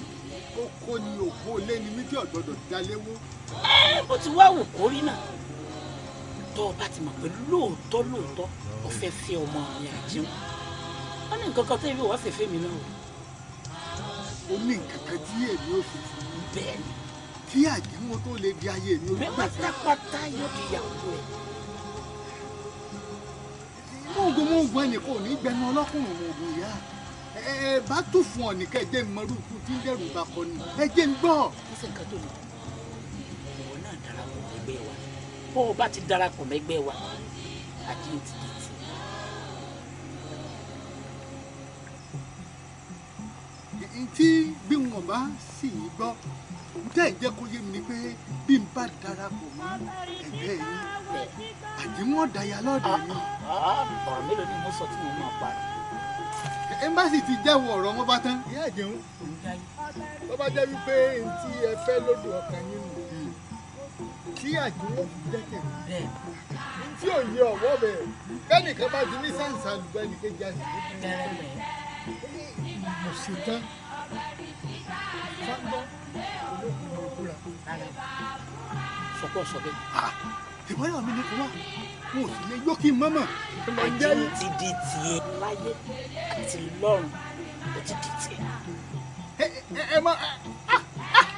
kókó ni òkú olé ni mí tí ọ̀gbọ́dọ̀ daléwó. ẹ bó ti wá wò kórí náà tó o bá ti mọ̀ pé lóòótọ́ lóòótọ́ o fẹ́ fi ọmọ mi àjẹun ó ní nǹkan kan tó yẹ wá fèfé mi náà o. ó ní nǹkan kan tí èmi ò fi fún un. bẹ́ẹ̀ ni. kí àjẹmọ́ tó lè di ayé mi. bẹ́ẹ̀ pátápátá yóò di ìyàwó ẹ̀ mọ́ọ̀gùn mọ́ọ̀gùn ẹnìkan ò ní gbẹnu ọlọ́kùnrin mọ́ọ̀gùn ìyá ẹ bá tó fún ọ nìkan ẹ jẹ́ mi mọ́rú ikú tí ń dẹ̀rù bá kọ ni ẹ jẹ́ mi gbọ́. ó sì ń kan tó lò ìwọ náà darapọ̀ mẹ́gbẹ́ wa bó o bá ti darapọ̀ mẹ́gbẹ́ wa àti o ti dé tì. tí bí wọn bá sì yí gbọ́ tẹ́ ẹ̀ jẹ́ kó yé mi ni pé bí n bá darapọ̀ mọ́ ẹgbẹ́ yìí àdìwọ̀n dàyà lọ́dọ̀ mi. ọ̀rọ̀ mélòó ni mo sọ tí mo máa pa. ẹmbásì ti jẹ́wọ́ ọ̀rọ̀ wọn bá tán. ìyá àjẹun tó bá jẹ́ wípé n tí ẹ fẹ́ lódò ọkàn yín nù kí àjẹwọ́ fi jẹ́kẹ̀ rẹ̀ n tí ò yẹ ọ̀wọ́ bẹ̀ bẹ́nìkan bá ti ní sàǹsà lùgbẹ́nì kejì àti mo ṣe tán sọpọ sọpẹ. mi ni kò mo sì lè yó kí n mọ́mọ́. ayé ó ti di tiẹ̀ láyé àti lọ́run ó ti di tiẹ̀. ẹ ẹ má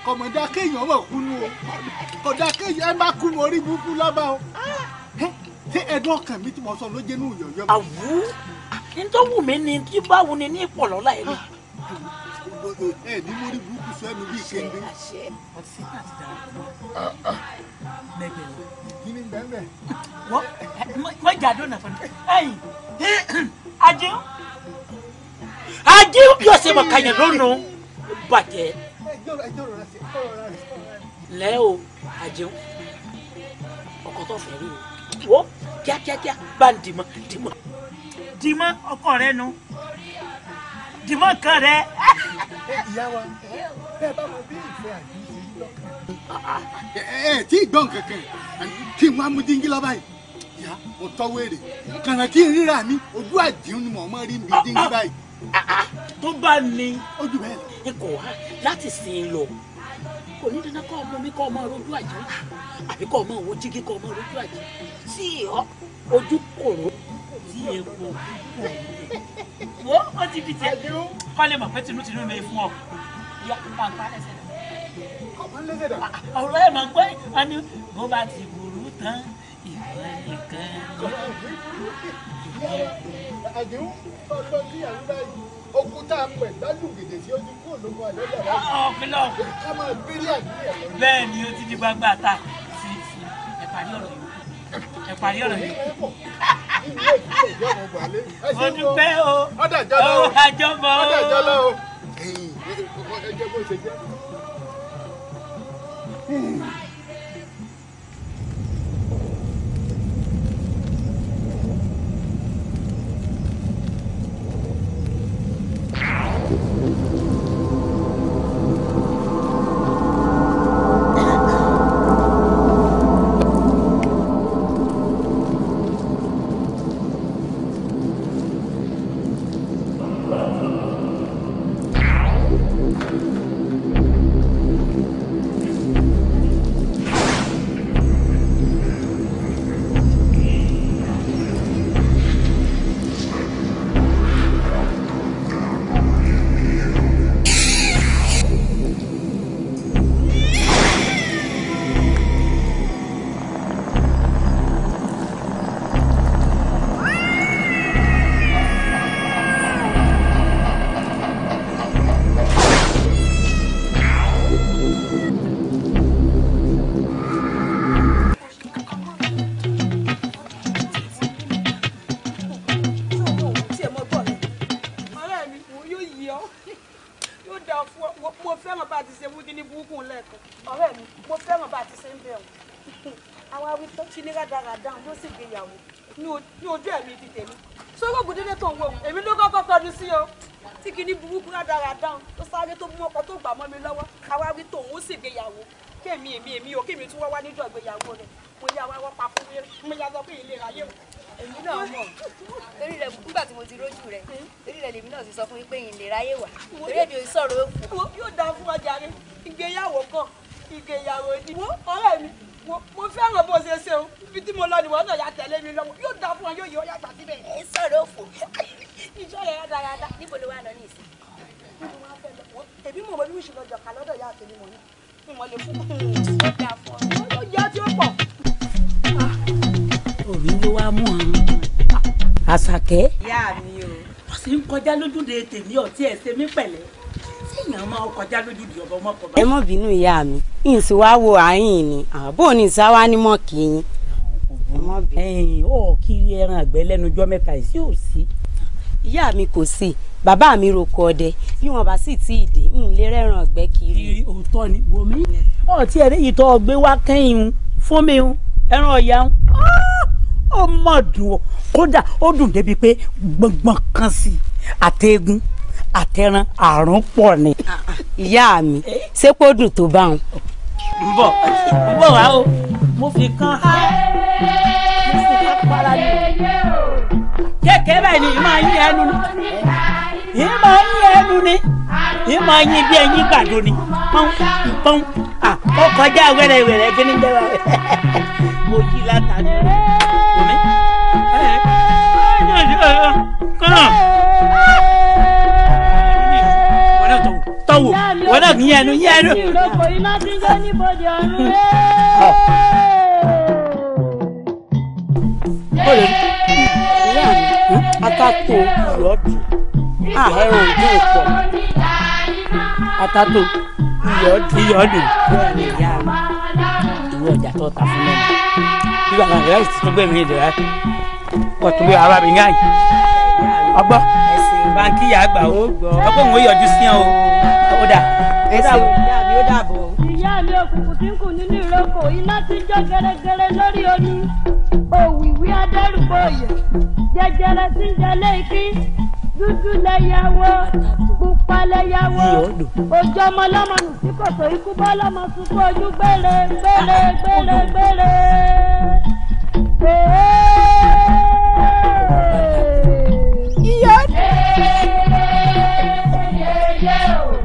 kọ̀mọ̀dá kéèyàn wọ̀ kúnú o kọ̀dá kéèyàn ẹ má kúnú orí burúkú lábá o ṣé ẹ̀dùn ọkàn mi tí mo sọ ló jẹ́ àwù ní tó wù mí ni tí bá ni ní ìpọ̀lọ́lá yẹn ẹ ní mo rí burúkú sẹ́nu bíi kéde. ọtí àti dára mẹgbẹ wọn. gíní bẹ́ẹ̀ wọ́n mọ jàdó nà fún mi. ẹyìn ajé ajé yóò ṣe mọ kàyàn lónìí bàjẹ́ lẹ́ o ajé ọkọ̀ tó fẹ́ rí o wọ́n kíákíákíá bá ń dìmọ̀ dìmọ̀ dìmọ̀ ọkọ̀ rẹ nu dìmọ́ kan rẹ. ìyá wa bẹ́ẹ̀ bá wọn bí ìfẹ́ àdúgbò yìí lọ́kàn. ẹ ẹ tí ì gbọ́ kí n wá mú díngí lọ báyìí ìyá mo tọ́wọ́ èrè kànáà kí n ríra mi ojú àdìrún ni mò ń rí mi díngí báyìí. tó bá ní ojú bẹ́ẹ̀ ni kò wá láti sìn lọ kò ní dandan kọ́ ọmọ mi kọ́ ọmọ rojú àjẹ́ àbí kọ́ ọmọ òwò jígí kọ́ ọmọ rojú àjẹ́ tí ojú kò sí epo wo ó ti fi tiẹ̀ kọ́lé mọ̀ pé tinútinú mi fún ọ yọ pàǹpá lẹ́sẹ̀ dà ọ̀rọ̀ ẹ̀ mọ̀ pé wọ́n ní bó bá ti burú tán ìwọ nìkan àdéhùn ọlọ́ ní àrúdá yìí òkúta pẹ̀ lálùgìdè tí ó ti kú ológun àlẹ́ yàrá ọ̀pìnlọ̀ ká máa gbélé àdúrà bẹ́ẹ̀ ni ó ti di gbangba ta sí sí ẹ̀pàdé ọ̀rọ̀ yìí ẹ parí ọ̀rọ̀ yìí. mo dúpẹ́ o o. ẹ jẹ́ bó ṣe mú un. àṣàkẹ́. ìyá mi o wọ́n sì ń kọjá lójúde tèmi ọtí ẹ̀ ṣe mí pẹ̀lẹ́ tíyàn máa kọjá lójúde ọba ọmọkọba. ẹ mọ̀ bínú ìyá mi ìsìn wá wo àyìn ni àbó ní sáwá ní mọ̀ kì ẹyìn ó kiri ẹran àgbẹ̀ lẹ́nujọ́ mẹ́ta yìí sí ò sí. ìyá mi kò sí bàbá mi roko ọdẹ bí wọn bá sì tí ì dé ń lè rẹran ọgbẹ kiri. òótọ́ ni wòmí ọtí ẹ̀rẹ́yìí tó ọgbẹ́ wá kẹ́yìn fún mi ẹran ọ̀yà ó mọ̀ dùn o kódà ó dùn débi pé gbọ̀ngbọ̀n kan sí àtẹ̀gùn àtẹran àrùn pọ̀ ni. ìyá mi ṣé kó dùn tó bá wọn. n bọ̀ n bọ̀ wá o mo fi kan á mo fi kan para mi. kéèké bẹ́ẹ̀ ni ìmọ̀ yín ẹnu ni ìmọ̀ yín ẹnu ni ìmọ̀ yín bí ẹyin gbàdo ni pọ́n pọ́n ọkọ̀ já wẹ́rẹ́wẹ́rẹ́ kí ni jẹ́ wá mo yí látàdé kọ́nà. wọ́n náà tọ̀wọ̀ tọ̀wọ̀ wọ́n náà yẹn ẹnu yẹn ẹnu. ìrọ̀pọ̀ iná ti ń gbé níbodè ọ̀run rẹ̀. atato ìyọ́dù àhẹ́rò ojú ìpọ̀ atato ìyọ́dù ìyọ́dù bẹ́ẹ̀ ni ìyá mi ìwé ọjà tó ta fún mi bí bàbá rẹ̀ ti tó gbẹ̀mí ìdè rẹ̀ pọ̀tùwé ara mi yàn yìí ọgbọ́ ẹ̀sìn báńkì yà gbà ó ọgbọ́n òun yọjú sí ọ ó dà. ẹ̀sìn ìyá mi ó dàbọ̀. ìyá mi òkùnkùn tí ń kù nínú ìrókò iná ti jó gẹ́rẹ́gẹ́rẹ́ lórí oní òwìwí adẹ́rùbọ̀yẹ̀ jẹjẹrẹ tí ń jẹlé ikí dúdú lẹ́yàwó pupa lẹ́yàwó ojú ọmọ lọ́mọ nù sí kòtò ikú bọ́ lọ́mọ sunkún ojú gbére gbére gbére gbére. go!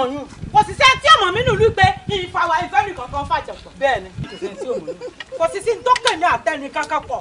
ọmọ yún kò sì sẹ́ tí ọmọ mi nù lù pé ìfàwà ìfẹ́ nìkan kan fàjọpọ̀ bẹ́ẹ̀ ni kò sì sí òmùlù kò sì sí tókè ní àtẹnìkankan pọ̀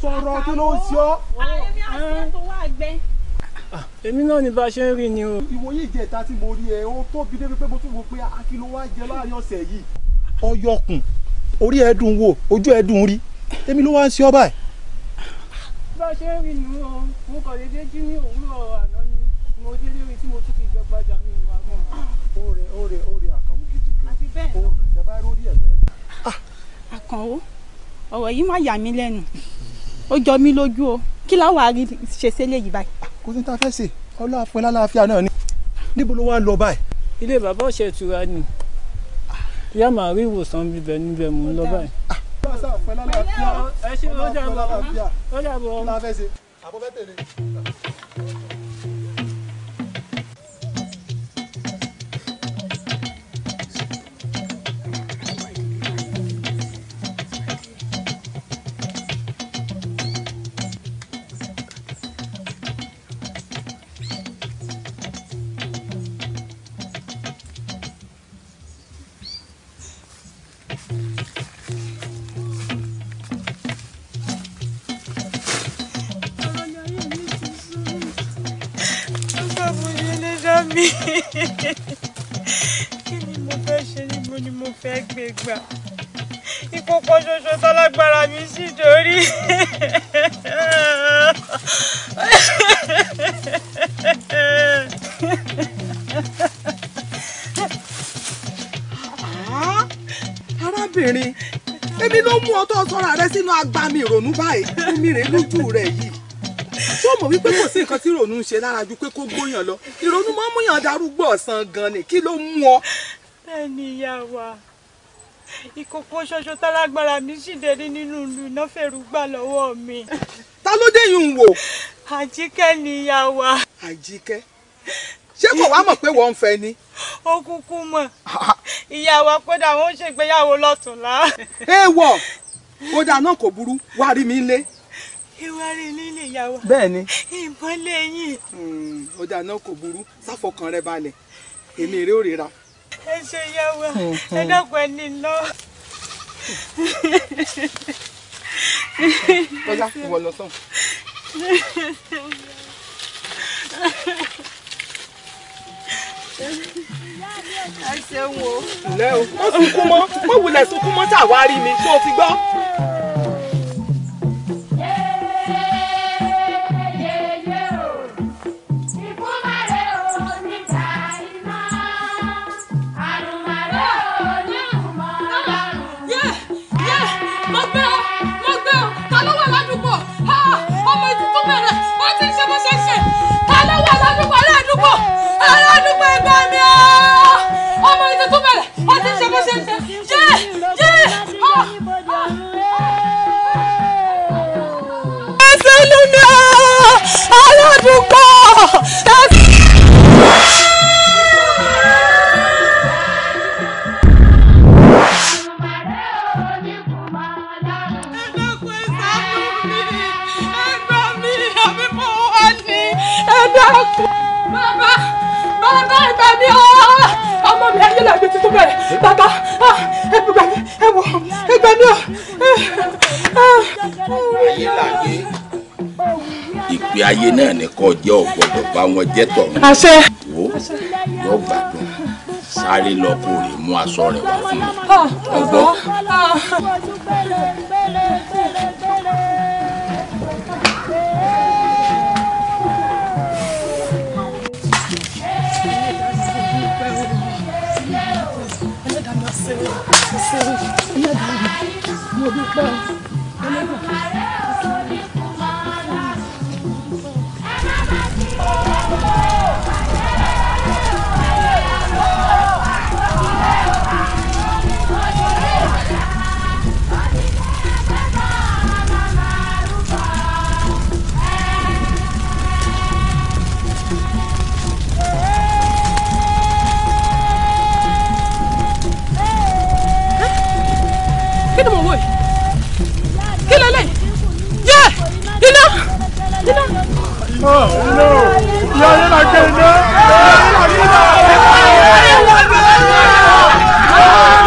sọ̀rọ̀ kí ló ń ṣe ọ́. àyẹ̀mí àṣẹ tó wà gbẹ. Ah, èmi náà ni bá a ṣe ń rí ni o. ìwòye ìjẹta tí mo rí ẹ ó tóbi débi pé mo tún wò pé akíló wá jẹ láàrin ọ̀sẹ̀ yìí. ọyọkùn orí ẹ dùn wò ojú ẹ dùn rí èmi ló wá ń ṣe ọ báyìí. bá a ṣe ń rí ni o mo kàn déédéé jí ní òwúrọ̀ àná ni mo déédéé rí tí mo tún fi gbẹgbàjà mi ìwà mọ́. ó rẹ ó àkànwó gidi gan. àti bẹ́ẹ̀ náà. ó rẹ rórí ẹ̀ bẹ́ẹ̀. Ah, àkànwó ọ̀rọ̀ yìí má yà mí lẹ́nu ó jọ mí lójú o kí la wàá rí ṣe sẹ́lẹ̀ yìí báyìí. kò sí ta fẹ́ sè ọlọ́àfẹ́ lálàáfíà náà ni níbo ló wá lọ báyìí. ilé bàbá ọ̀sẹ̀ ìtura ni yá màá rí ìwòsàn bíbẹ níbẹ̀ mò ń lọ báyìí. Ah, ọlọ́àfẹ́ lálàáfíà ọlọ́àfẹ́ lálàáfíà ọlọ́àfẹ́ lálàáfíà àbọ̀fẹ́ tèlé. kí ni mo fẹ́ ṣe níbo ni mo fẹ́ gbé gbà ìkókó ṣoṣo tálágbára mi sì dórí. arábìnrin èmi ló mú ọ sọra rẹ sínú agbami ìrònú báyìí omi rè lójú rẹ yìí ṣó mọ̀ wípé kò sí nǹkan tí ìrònú ń ṣe lára ju pé kó gbóyàn lọ ìrònú máa ń múyàn darúgbó ọ̀sán gan ni kí ló mú ọ. bẹ́ẹ̀ni ìyá wa ìkòkò ṣoṣo tálágbára mi sì dẹni nínú ìlú náfẹ̀rù gbà lọ́wọ́ mi. ta ló dé yìí ń wò. àjíkẹ́ ni ìyá wa. àjíkẹ́ ṣé kò wá mọ̀ pé wọ́n ń fẹ́ ni. ó kúkú mọ̀ ìyá wa kódà wọn ò ṣègbéyàwó lọ́tùnlá. ẹ wọ kódà náà kò burú wá rí mi lé ìwárí nílé ìyá wa. bẹ́ẹ̀ni. ìbọn lẹ́yìn. Hmm, ó dáná kò burú sáfọkàn rẹ balẹ̀ èmi èrè ò rira. ẹ ṣe ìyá wa hmm, hmm. ẹ dọ́gba ẹni lọ. bóyá ìwọ lọ sọ́hùn. ẹ ṣeun o. ǹlẹ́ o má sunkún mọ́ má wulẹ̀ sunkún mọ́ tá a rí mi tó o ti gbọ́. pọ̀ aládùúgbò ẹgbẹ́ mi ọmọ ìtò tó bẹ̀rẹ̀ ó ti ṣe bó ṣe ń ṣe jẹ́ jẹ́ ẹsẹ̀ lónìí aládùúgbò ẹ ọmọ mi ayé làbí tuntun bẹ̀rẹ̀ bàbá ah, ẹ gbà mí ẹ wọ ẹ gbà mí o. Ah, ah, ayé làbí ìpè ayé náà ní kò jẹ́ ọ̀gbọ́dọ̀ bá wọn jẹ́ tọ̀hún. àṣẹ. wo yóò gbádùn sáré lọ kó rè mú aṣọ rẹ wá fún mi ọgbọ. ṣeun ẹlẹ́dàá mi lò ìyá yín là jẹ iná ìyá yín là nílò.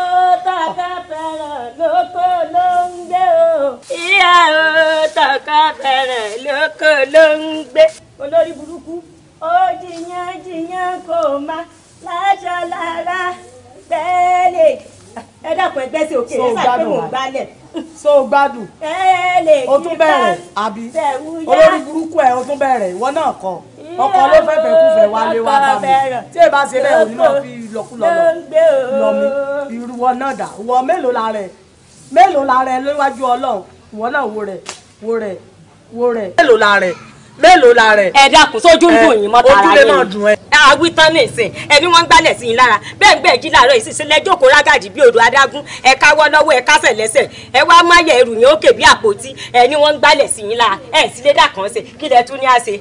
ló ń gbé olórí burúkú ó jiyàn jiyàn kò má láṣọ lára tẹ́lẹ̀ ẹ dákun ẹgbẹ́ sí òkè ẹ sáré pé mò ń gbálẹ̀ so gbádùn o tún bẹ̀rẹ̀ àbí olórí burúkú ẹ̀ o tún bẹ̀rẹ̀ ìwọ náà kọ ọkọ ló fẹ́ fẹ́ kú fẹ́ wálé wá bá mi tí ẹ bá ṣe bẹ́ẹ̀ òní náà fi lọ́kùlọ́ lọ mi ìrùwọ náà dà wọ mélòó la rẹ mélòó la rẹ lọ́wájú ọlọ́run ìwọ náà wo rẹ wo rẹ wo rẹ̀. mélòó la rẹ̀ mélòó la rẹ̀. ẹ dákun sójú ń dùn yín mọ́ tara yín. ojú lè máa dùn ẹ. àwí tán ní ìsìn ẹni wọn ń gbálẹ̀ sí yín lára bẹ́ẹ̀ bẹ́ẹ̀ jí làárọ̀ ìsinsìn lẹ́jọ́kọ̀ rágàjì bí odò adágún ẹ káwọ́ lọ́wọ́ ẹ kásẹ̀ lẹ́sẹ̀ ẹ wá máyẹ̀ ẹrù yín òkè bí àpótí ẹni wọn ń gbálẹ̀ sí yín lára ẹ sílé dàkàn ṣe kí tún ní àṣe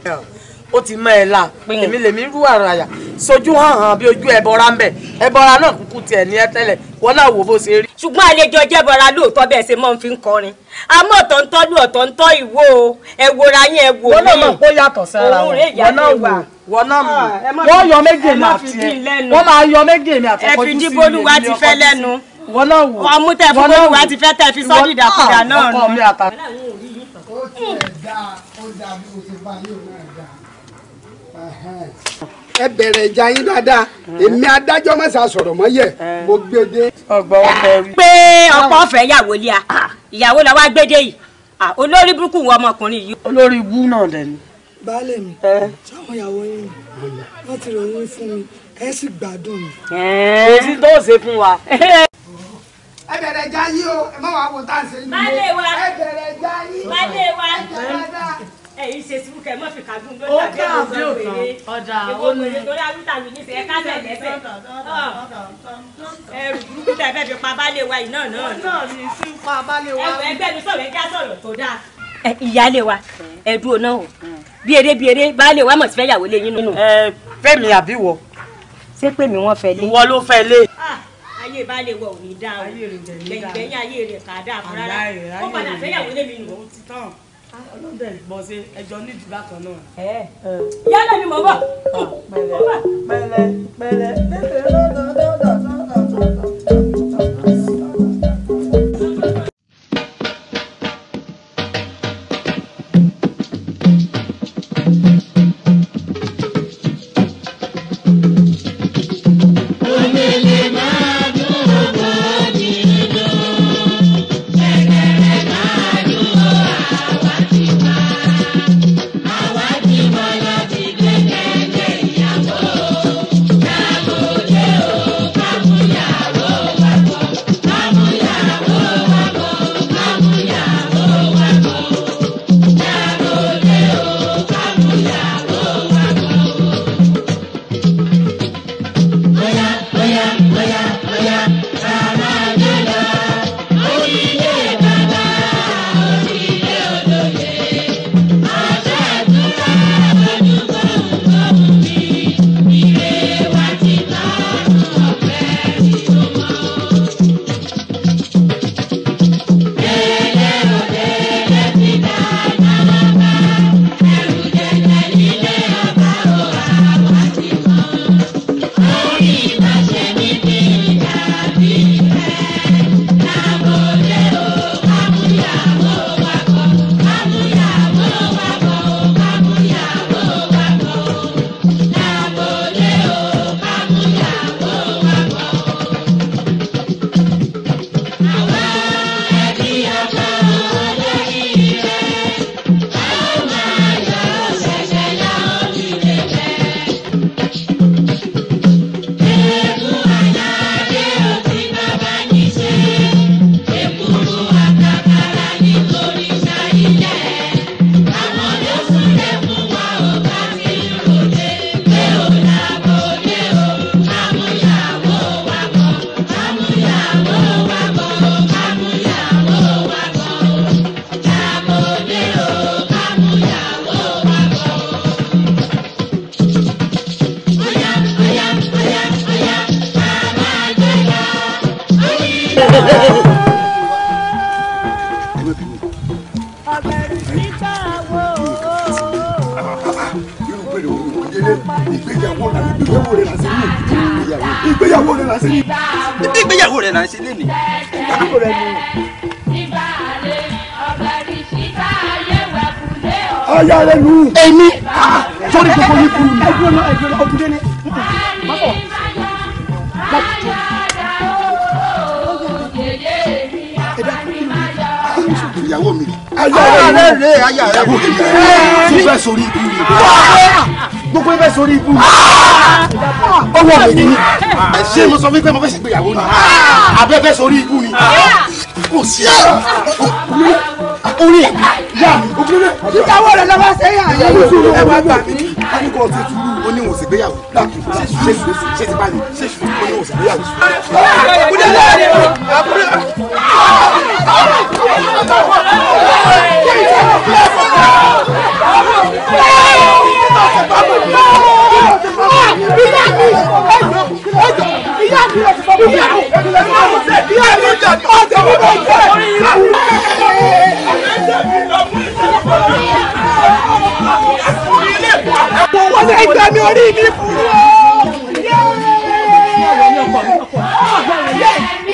ó ti mọ ẹ la èmi lèmi rú àràyà sojú hàn hàn bí ojú ẹbọra ń bẹ ẹbọra náà kúkú tiẹ̀ ní ẹ tẹ́lẹ̀ wọn náà wò bó ṣe rí. ṣùgbọ́n àlejò jẹ́bọra lóòótọ́ bẹ́ẹ̀ ṣe máa ń fi ń kọrin àmọ́ ọ̀tọ̀ǹtọ́ lù ọ̀tọ̀ǹtọ́ ìwò o ẹ wòra yín ẹ wò mí. wọn náà mọ̀ pé ó yàtọ̀ sára wọn wọn ah, náà wò wọn náà mọ̀ wọn yọ méjì èmi àti ẹ wọn máa yọ méjì èmi àti ọkọ jù sí wọn náà wò ọmú náà nù ẹ bẹ̀rẹ̀ ìjà yín dáadáa èmi adájọ́ má sá sọ̀rọ̀ mọ́ yẹ mo gbédé. E pé ọkọ ọfẹ ìyàwó lé a ìyàwó la wá yìí olórí burúkú wọ ọmọkùnrin yìí. olórí ibú náà dẹ̀ ni. baálé mi sáwọn ìyàwó yín wọn ti ròyìn fún mi ẹ sì gbádùn mi. kò sí tó ṣe fún wa ẹ bẹ̀rẹ̀ já yí o ẹ má wàá wò tá à ń ṣe yí o ẹ bẹ̀rẹ̀ já yí ẹ bẹ̀rẹ̀ já yí ẹ̀yin ṣe sùúrù kẹ́ ẹ fi kàdún ló dàbí ẹ̀rọ sọ pé ọjà òní torí awúta mi ní sẹ́yìn kálẹ̀ lẹ́sẹ̀ ẹrù burúkú tẹ fẹ́ fi pa baálé wa yìí náà náà náà ní sí pa baálé wa ẹ̀rù ẹgbẹ́ mi sọ̀rọ̀ ẹja sọ̀rọ̀ tó dáa. ìyáálé wa ẹ̀dùn ọ̀nà o bí eré bí eré baálé wa mọ̀ sí fẹ́ yàwó lé yín nínú. ẹ fẹ́mi àbí wọ. ṣé pèmí wọn fẹ́ lé. ìwọ ló fẹ́ lé ah, ayé baálé wọ òní dáa o lẹ́yìn lẹ́yìn ayé rẹ̀ kà á dáa fún rárá ó padà fẹ́ yàwó lé mi nù ọlọ́dẹ̀ mọ̀ ṣe ẹjọ́ nídìí bákan náà. yálà ni mo bọ̀. Ah, pẹ̀lẹ́ pẹ̀lẹ́ pẹ̀lẹ́ pẹ̀lẹ́ lọ́dọọdọ. sọ fún mi pé mo fẹ́ ṣègbéyàwó ni ah, abẹ́fẹ́ sọ orí ikú ni ah, kò sí ẹ̀rọ orí yà mí òkúlé. ìdáwó rẹ̀ lọ́wọ́ ṣe é àyè ìṣòro ẹ̀wà gbà mí. káníkọ̀ ti tu oníwọ̀n ṣègbéyàwó láàkì ṣe ṣe ṣe ti bá mi ṣe ṣe oníwọ̀n ṣègbéyàwó. ni orí mi burú o.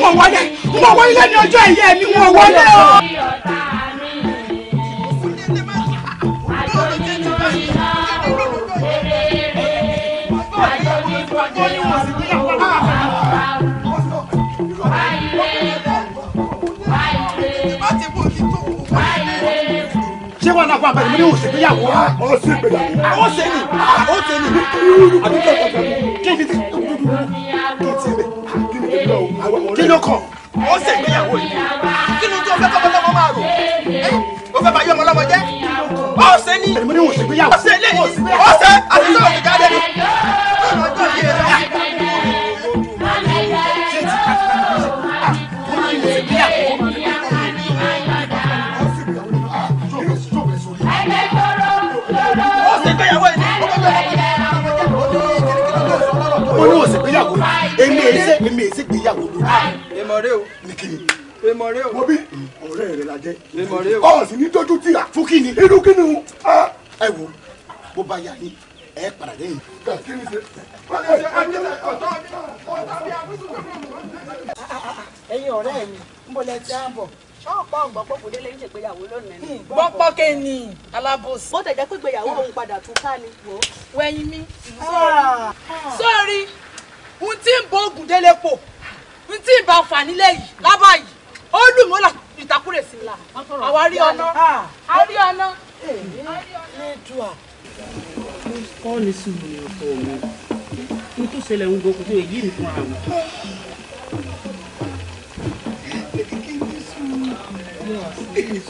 mo wọlé mo wọlé ní ọjọ́ ìyá mi mo wọlé o. wà fún abẹ́rẹ́ mi ní òsè gbéyàwó. ó sì gbéyàwó. ó sì ní ó kí n ti kí n ti bẹ̀ kí n fi lọ àwọn kí ló kọ̀. ó sì gbéyàwó yìí kí ló tó fẹ́ kọ́ bọ́tọ́ mọ́ máa rò ó fẹ́ bá yọ ọmọ lọ́mọ jẹ́ ó sì ní ó sì ní ó sì àdúgbò ọ̀gá ṣe èmi èsì gbéyàwó lórí. èmọ̀rẹ́ ah, o èmọ̀rẹ́ o. mo bí ọ̀rẹ́ rẹ la jẹ́. èmọ̀rẹ́ o. ọ̀hún sì ní dójú tìrà. fún kí ni. irú kí ni o. Ah, ẹ wo bó bá yà yín ẹ padà lẹ́yìn. ẹ̀yin ọ̀rẹ́ mi ń bọ̀ lẹ́tí ààbọ̀ ṣọ́ọ̀pọ̀ ọ̀gbọ̀pọ̀ kò délé ń ṣègbéyàwó lónìí. gbọ́pọ̀ kẹ́ ni alábòsí. bó tẹ̀ jẹ́ pé ìgbéyàwó òun padà tún ká ni wò ó. wẹ́yìn mi. ṣẹlẹ̀ ń gbókùn tó èyí mi fúnra mi.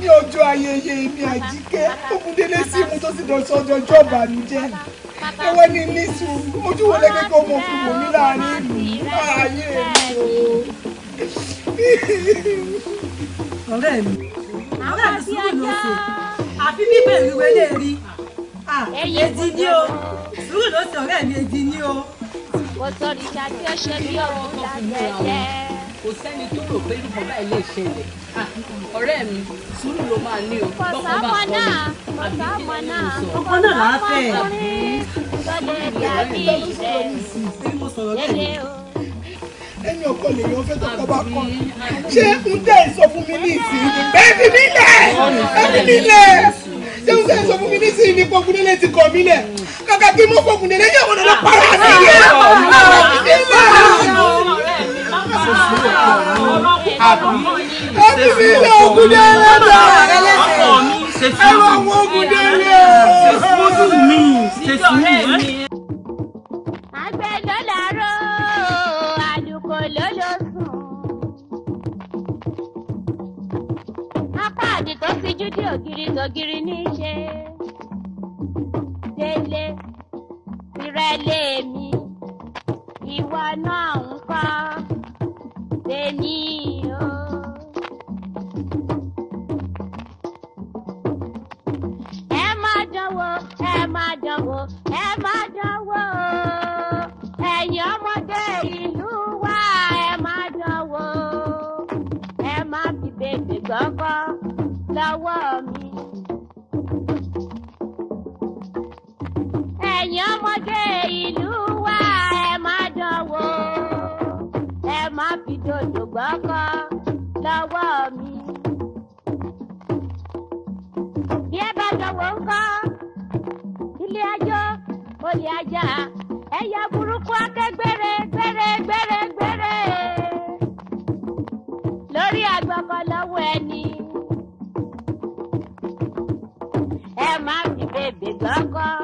ní ọjọ́ ayẹyẹ èmi àjíkẹ́ òkúndélé sí ìmú tó sì dọ̀sọ́ ọjọ́ ìbànújẹ́ ẹwẹ́ ní nísù ojú wo lẹ́gbẹ́ kó mọ̀ fún mi láàrin ìlú ààyè mi ọ̀rẹ́ mi ọ̀rẹ́ mi sùúrù ló ṣe àfi bíbélì wẹ́lẹ́ rí ẹ̀yẹ́ ti o sùúrù ló sọ̀rọ̀ ẹ̀mí èjì ni o. mo sọ ìjà tí ó ṣe bí ọ̀rọ̀ ìdájẹ́jẹ́. kò sẹ́ni tó rò pé irúfọ́ báyìí lè ṣẹlẹ̀ ọ̀rẹ́ mi sùúrù ló máa ní o. kọ̀sá náà kọ̀sá náà ọkọ náà là fẹ́. ẹni ọkọ lèyàn fẹ́ tó kọ́ bá kọ́ ṣé ń tẹ̀ sọ ní ìsìn ẹ̀mí mi jẹun sẹ sọ fún mi nísìnyí ni Pọ́nkúndélé ti kọ̀ mí lẹ̀ kàkà kí mo Pọ́nkúndélé yẹ wọn lọ para sí i yẹ ẹbí mi lẹ Ògúndélé dà ẹ lọ wọ Ògúndélé. tó ti jú dé ògiri tògiri ní délé ìrẹ́lẹ̀ mi ìwọ náà ń kọ́ tèmi o. ẹ má dánwò ẹ má dánwò ẹ má dánwò ẹ̀yin ọmọdé ìlú wa ẹ má dánwò ẹ má fi bèbè gbọ́ngàn lọ́wọ́ mi. ẹ̀yin ọmọdé ìlú wa ẹ má dánwò ẹ má fi dòdò gbọ́kọ́ lọ́wọ́ mi. bí ẹ bá dánwò ńkọ́ ilé ajó olè ajá ẹ̀yà burúkú akẹ́gbére gbére gbére gbére lórí àgbọ̀kọ̀ lọ́wọ́ ẹni. 阳瓜。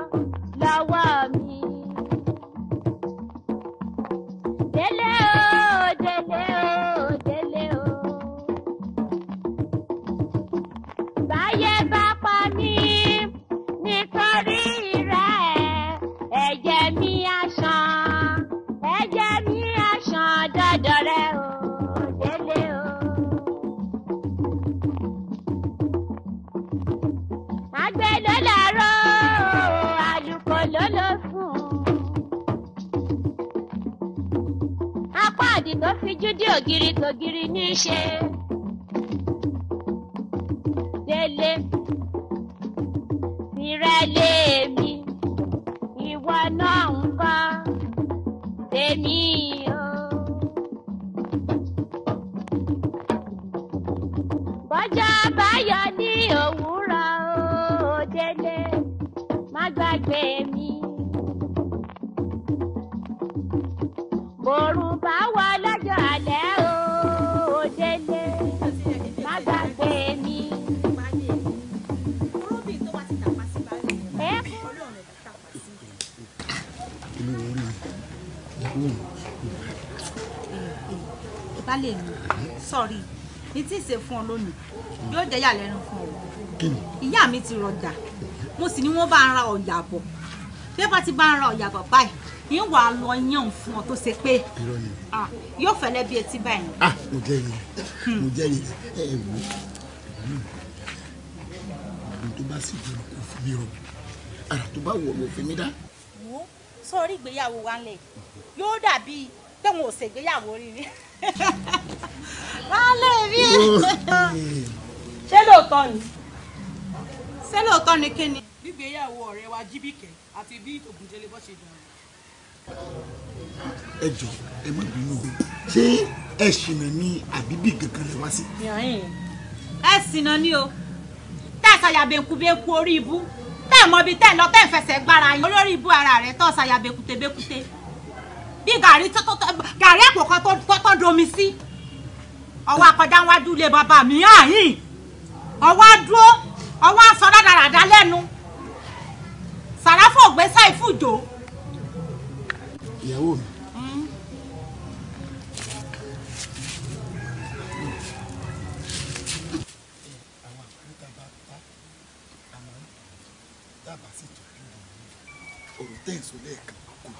się ti rọjà mo sì ní wọ́n bá ń ra ọ̀yà bọ̀ bí wọ́n bá ti bá ń ra ọ̀yà bọ̀ báyìí yín wàá lọ yàn fún ọ tó ṣe pé yóò fẹ́lẹ́ bí etí báyìí. mo jẹ́ yìí mo jẹ́ yìí ẹ ẹ wò ó tó bá sì jẹ́ kó fún mi rọ ara tó bá wọ̀ ló fi mí dá. wo sọrí ìgbéyàwó wa ń lẹ yóò dàbí pé wọn ò ṣègbéyàwó rí ni wàá lè rí ṣé lóòótọ́ ni ṣé lóòótọ́ ni kí ni. gbígbéyàwó ọ̀rẹ́ wa jíbìkẹ́ àti bí ògùndélé bọ́ ṣe dàrú. ẹ jọ ẹ má bínú o ṣé ẹ ṣìnà ní àbíbí gangan lẹ wá sí. ẹ ṣìnà ni o tẹ́ ẹ̀ ṣàyà bẹ́ẹ̀kú-bẹ́ẹ̀kú orí ibú tẹ́ ẹ̀ mọ ibi tẹ́ ẹ̀ lọ tẹ́ ẹ̀ fẹsẹ̀ gbára yín olórí ibú ara rẹ̀ tọ́ ṣàyà bẹ́ẹ̀kútẹ́bẹ́kútẹ́ bí gàrí gàrí àpò kan tó tọ́ domi sí ọwọ́ akọjá wájú ilé bàbá mi àyìn ọwọ́ dúró ọwọ́ aṣọ rádaràda lẹ́nu sàràfọ̀ gbé sáìfù jò. ìyàwó mi tẹ̀sán hmm.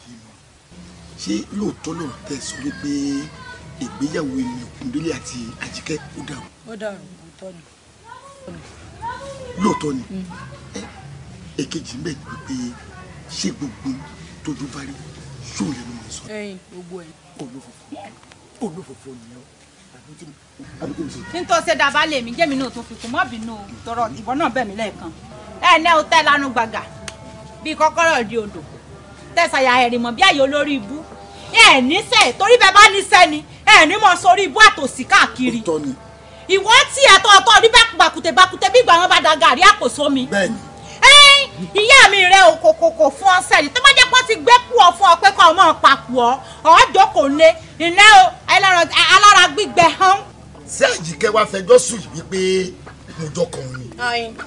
ṣé lóòótọ́ lòun tẹ̀sán wípé ìgbéyàwó ilẹ̀ òkúndélé àti àjíkẹ́ ó dàrú. ó dàrú òótọ́ ni lóòótọ́ ni èkejì ń bẹ̀ ni pé ṣé gbogbo tójú bá rí sóò lẹ́nu mọ̀ sọ. ẹyin gbogbo ẹ. olófòfò olófòfò ni ọ nítorí ṣe dábàá lè mí jẹ́mi náà tó fi kún mọ́ bínú tọrọ ìbọn náà bẹ̀ mí lẹ́ẹ̀kan ẹ ní ọ tẹ́ lanu gbàgà bíi kọ́kọ́rọ́ di odò tẹ̀sàyà ẹ̀rìn mọ̀ bí àyè olórí ibú ẹ ní sẹ́ẹ̀ torí bẹ́ẹ̀ bá ní sẹ́ni ẹ ní mọ̀ sórí ibú àtòsí káàkiri. ìtọ́ni ìwọ tí ẹ̀tọ́ ọ̀tọ́ rí bàkùtẹ̀ bàkùtẹ̀ bí ìgbà wọn bá da gàrí àpò sómi. bẹ́ẹ̀ni. ìyá mi rẹ òkòkòkò fún ọ sẹ́yìn tó bá jẹ́ pé ti gbé kú ọ fún ọ pé kọ́ ọmọ pàpù ọ ọ̀ọ́dọ̀ kò lé ìlẹ́ o alára gbígbẹ hàn. ṣé àjìkẹ́ wa fẹjọ́ sùn yìí wípé mo jọ kàn ní.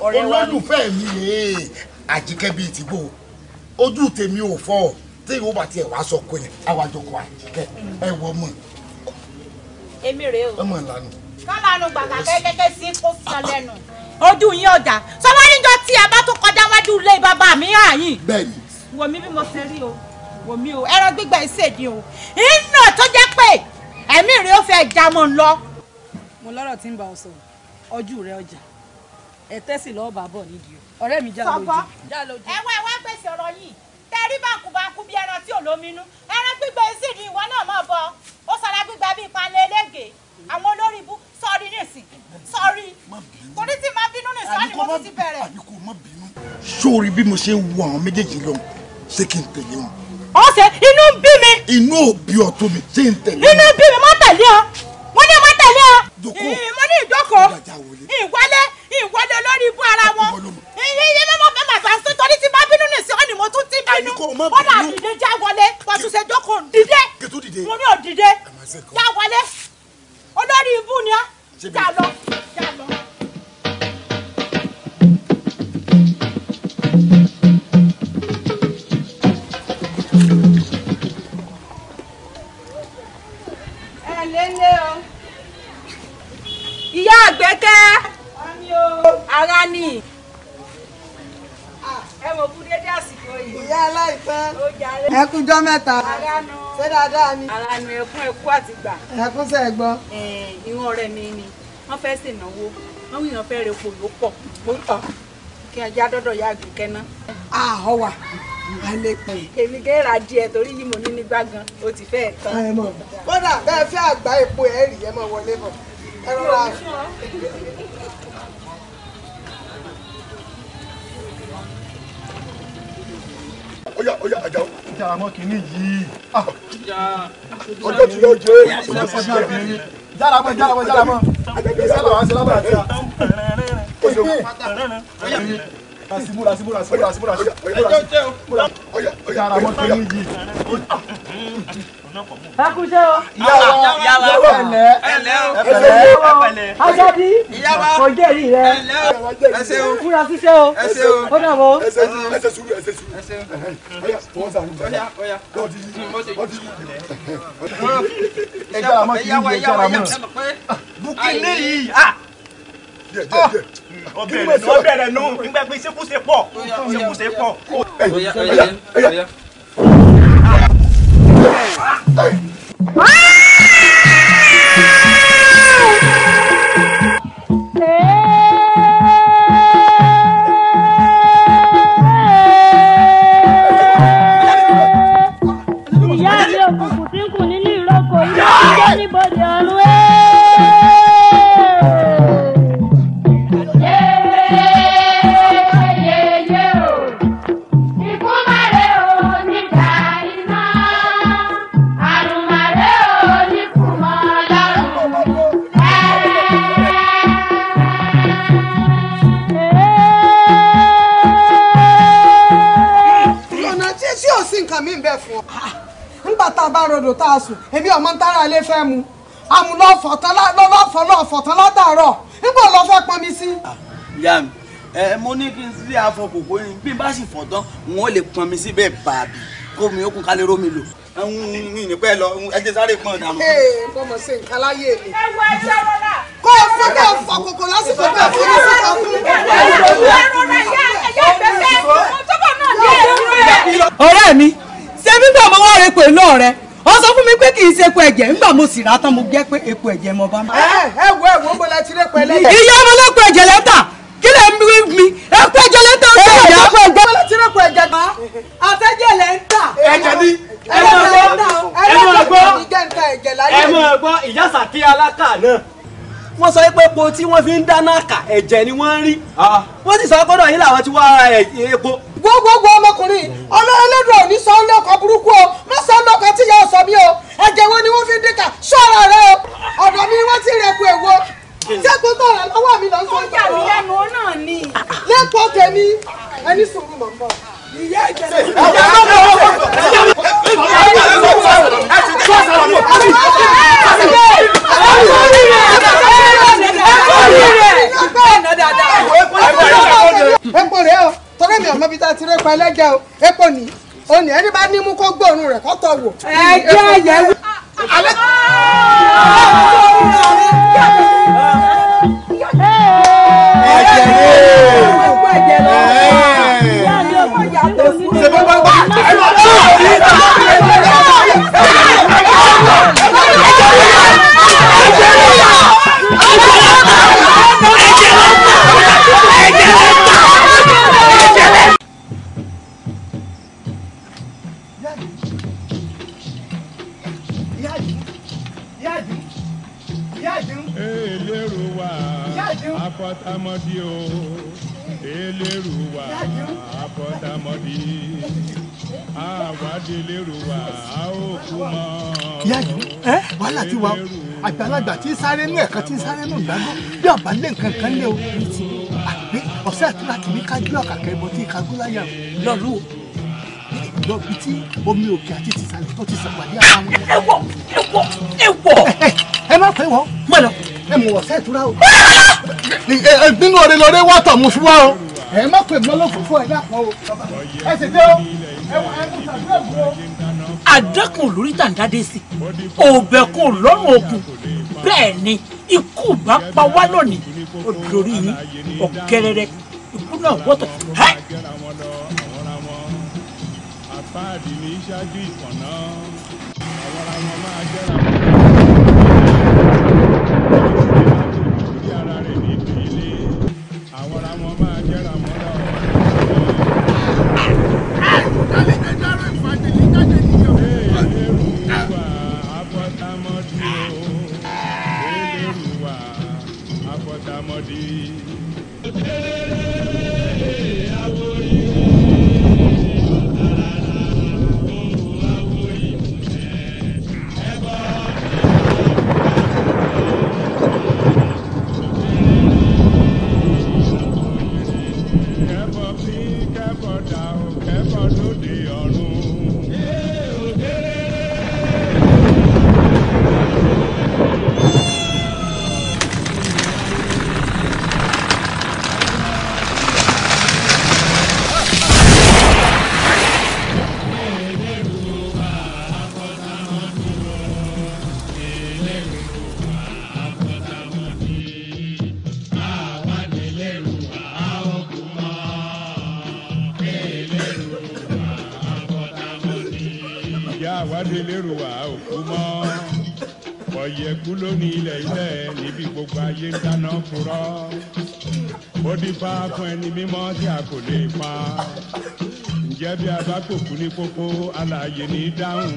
olólùfẹ́ mi rèé àjìkẹ́ bíi tìbò ojú tèmi ò fọ́ ọ tí ìwọ bá tiẹ̀ wá sọ pé àwàjọkọ̀ àjìkẹ́ ẹ wọ ọmọ. èmi rèé o kọ́lánù gbàgbà kẹ́kẹ́kẹ́ sí kó fún ọ lẹ́nu. ojú yín ọjà sọwọ́n níjọ tí a bá tó kọjá wájú ilé bàbá mi hàn yín. bẹ́ẹ̀ni. wò mí bí mo ṣe rí o wò mí o ẹran gbígbà ìṣèdí o iná tó jẹ́ pé ẹ̀mí rẹ̀ ó fẹ́ já mọ́ ń lọ. mo lọ́rọ̀ tí ń bá ọ sọ ojú rẹ ọjà ẹ tẹ́sí lọ́ọ́ bá bọ̀ nídìí o ọ̀rẹ́ mi já lójú. ẹ wá ẹ wá gbèsè ọ̀rọ̀ yìí tẹ́rí bákúbákú bí ẹran tí ò lóminú ẹran gbígbà ìṣèdí ìwọ náà mọ̀ bọ ó sọra gbígbà bíi panlẹ̀ eléègè àwọn olórí ibú sọrí nìsín sọrí torí tí máa bínú nìsín wá ni mo ti bẹ̀rẹ̀. àníkò má bínú. sórí bí mo ṣe ń wo àwọn méjèèjì lọ ṣé kí n tẹ̀lé wọn. ó ṣe inú ń bí mi. inú ò bí ọ tó mi ṣé n tẹ̀lé wọn. inú bí mi má tẹ̀lé ọ mo ní má tẹ̀lé ọ. mo ní ìjókòó ìwọlé ìwọlé lórí ibú ara wọn. iye iye mẹ́mọ́ fẹ́ màgbà sí torí tí máa bínú nìsín wá ni mo tún ti bínú. ó dà dìde já wọlé wàtúnṣe jókòó dìde mo ní ò dìde já wọlé olórí ibú ni ọ́ jà lọ jà lọ. ẹkújọ́ mẹ́ta ṣé dáadáa ni. alanu ẹkún ẹkú àti gbà. ẹkún sẹ gbọ́. ìwọ̀n ọ̀rẹ́ mi ni wọ́n fẹ́ sì náwó wọ́n wí yàn fẹ́ repo ló pọ̀ mo tọ̀ kí ajá dọ́dọ̀ ya àgbè kẹ́ná. àhọ́ wà á lè pè. èmi gẹ́ ra díẹ̀ torí yìí mo ní ní gbàgán o ti fẹ́ tán. kódà bẹ́ẹ̀ fẹ́ àgbá epo ẹ̀ rí ẹ mọ̀ wọlé bọ̀ ẹ rọra. ó yá ó yá àjà ìtara mọ́ kínní yìí. ọjọ́ ah! tí yóò jẹ́ ìṣẹ́fọ́jú àbẹ̀rẹ̀ jára mọ́ jára mọ́ jára mọ́ ìṣẹ́lá wa ṣe lábàá tí a. o ṣe wọ́n. Rasibura rasibura rasibura rasibura rasibura. Ẹjọ́ tẹ o. Jára mọ́ kínní yìí. Ah! ẹkúṣẹ́ o. yàwá yàwá ẹlẹ ẹlẹ ẹlẹ ajadi ọjọ́ èyí rẹ ẹsẹ̀ o fúra ṣiṣẹ́ o ẹsẹ̀ o ó dà bọ́. ẹsẹ̀ o ẹsẹ̀ sùúrù ẹsẹ̀ sùúrù ẹsẹ̀ o ọyà ọyà ọyà ọdí ọdí ẹjẹ àmọ́ kì í yẹ ẹjẹ àmọ́ bukini yìí ọbẹ̀rẹ̀ ah. ah. nù ọbẹ̀rẹ̀ nù nígbà pé ṣekúṣe pọ̀ ṣekúṣe pọ̀ ìyá mi òkùnkùn tí ń kù nínú ìrókò ilé ìjọ níbodè ọ̀run ẹ̀. tá a bá rodò tá a sùn èmi ọmọ ń tára ilé fẹ́ mu àmú lọ́fọ̀tán látàárọ̀ nígbà lọ fẹ́ pọnmi sí. ìyá mi ẹ mo ní kí n sí àfọkòkò yín bí n bá sì fọ̀tán wọn ò lè pọnmi síbẹ̀ bàbí kó mi ó kún kálẹ̀ rómi lò ìnìpẹ́ lọ ẹjẹ sáré pọn dànù. ee bọ́mọ sí nǹkan láyé mi. kó o fún kó fọ kòkò lásìkò bẹ́ẹ̀ fún mi sí ọkùnrin. ọ̀rẹ́ mi ṣebí gbà mo wá re pè lọ rẹ ó sọ fún mi pé kì í ṣe epo ẹ̀jẹ̀ ńgbà mo sì rà tán mo gẹ́ pé epo ẹ̀jẹ̀ mo bá má. ẹ ẹ wo ẹ wo mo lẹ ti rẹ pẹlẹ. ìyá ọmọ lẹpọ ẹ̀jẹ̀ lẹta kí lè mi mi epo ẹ̀jẹ̀ lẹta ó sọ yà. ẹ ẹ mo lẹ ti rẹ pọ ẹ̀jẹ̀ gbà àtẹjẹ lẹ ń tà. ẹ̀jẹ̀ ni ẹ máa gbọ́ ẹ máa gbọ́ ẹ máa gbọ́ ìyá sàkí alákà náà wọ́n sọ pé epo tí wọ́n fi ń dáná kà ẹ̀jẹ̀ ni wọ́n ń rí wọ́n sì sọ pé náà yín làwọn ti wá epo. gbogbogbò ọmọkùnrin ọlọ́run lọ́dọ̀ ò ní sọ ọ́n lọ́kọ̀ burúkú o má sọ ọ́n lọ́kọ̀ tí yóò sọ mí o ẹ̀jẹ̀ wo ni wọ́n fi ń dín kà ṣọ́ra rẹ o ọ̀dọ̀ mi wọ́n ti rẹ̀kù èwo jẹ́kun tó rẹ̀ lọ́wọ́ mi lọ́sọ̀ọ́. ó yà mí lẹ́nu náà ni. lẹ́kọ̀ọ́ tèmi ẹni sùúrù mọ̀ mọ́ ìyá ìjẹ́ epo rẹ o torí mi ọmọ bíi tá a ti rẹpa o epo ni o ní ẹni bá ní mú kó gbóòórùn rẹ kó wò. ẹ jẹ́ àyẹ̀wò. ẹ̀jẹ̀ ni. adelérò wa a ó kú mọ́. ìyá yìí ẹ wàhálà ti wà àgbàlagbà tí ń sáré nú ẹ̀ka tí ń sáré nú ìdáná bí ọ̀bá lé nǹkan kan lé o ní ti àgbẹ̀ ọ̀sẹ̀ àti láti ní ká gbé ọ̀kà kẹrìbọ̀ tí ká gún láyà lọ́rù o lọ bí tí omi òkè àti tìsàlẹ̀ tó ti sàpàdé ara wọn. ẹwọ ẹwọ ẹwọ. ẹ má fẹ́ wọ. mọ̀ lọ. ẹ mọ̀ ọ̀sẹ̀ ìtura o. Ah! nínú ọ̀rẹ́ lọ́rẹ́ wọ́tọ̀ mo fi wá o ẹ má pè mọ́ lọ́fọ̀fọ́ ẹ dàpọ̀ o ẹ sì dé o ẹ kò sàdúrà bù o. àdẹ́kùn lórí tàǹdádé sí òbẹ̀kùn lọ́rùn òkun bẹ́ẹ̀ ni ikú bá pa wá lónìí ó dorí yín ọ̀gẹ́rẹ́rẹ́ ikú náà wọ́tọ̀ ẹ́. apáàdì ní ṣáájú ìkànnà àwọn ará wọn máa jẹ́ra. Ready, ready. adelérò wà òkú mọ́ ọ̀yẹ̀kú lónìí ilẹ̀ ilẹ̀ níbi gbogbo ayé ń dáná furọ́ ó fún ẹni mímọ́ tí a kò lè pa ǹjẹ́ bí a bá kòkú ní kókó alààyè ní dáhùn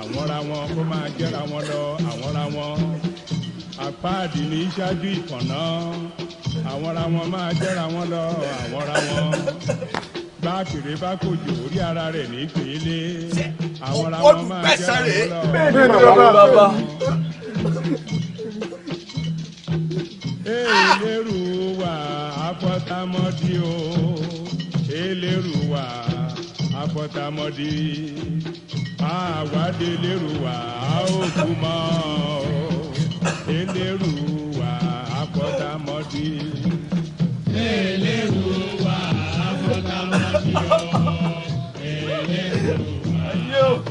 àwọn ra wọn kó máa jẹ́ra wọn lọ àwọn ra wọn àpáàdì ní ṣáájú ìkànnà àwọn ra wọn máa jẹ́ra wọn lọ àwọn ra wọn bá kéré bá kòjò orí ara rẹ̀ ní pèlè olùgbẹ̀sán rèé. bẹ́ẹ̀ ni bàbá. eléru wa afọtamọdí o eléru wa afọtamọdí àwádé léru wa àókù mọ eléru wa afọtamọdí eléru wa afọtamọdí o eléru wa. Yo!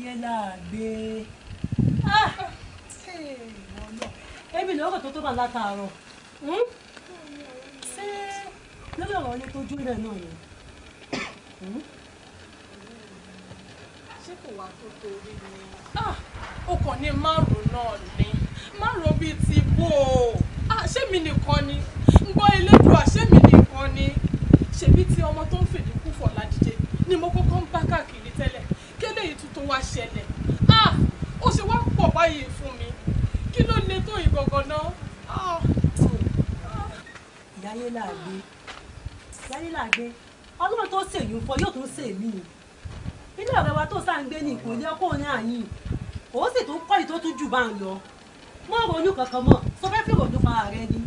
ayé láàgbé ah! ẹbí lọ́rọ̀ tó tó bá látàárọ̀ hmm? ṣé lórí ọ̀rọ̀ ilé tó júlẹ̀ náà ni. Hmm? ṣé kò wá tó torí ni. ó ah! kàn ní márùn-ún náà ni márùn-ún bíi ti bó o ah! ṣé mi nìkan ni ń gbọ́ elédùà ṣé mi nìkan ni ṣèbí ti ọmọ tó ń fèdí kú fọ̀ ni mo kọ́kọ́ ń bá káàkiri tó wá ṣẹlẹ̀ ah ó ṣe wá pọ̀ báyìí fún mi kí ló le tó ìgangan náà ah. ah. ìyáyé làgbé ìyáyé làgbé ọlọ́run tó ṣèyún fọ yóò tún ṣèmí ilé ọ̀rẹ́ wa tó sáńgbé ní ìpínlẹ̀ ọkùnrin àyìn òun sì tún kọ́ ìtó tún jù bá ń lọ mọ́ ronú kankan mọ́ sọ fẹ́ fi ronú pa ààrẹ ni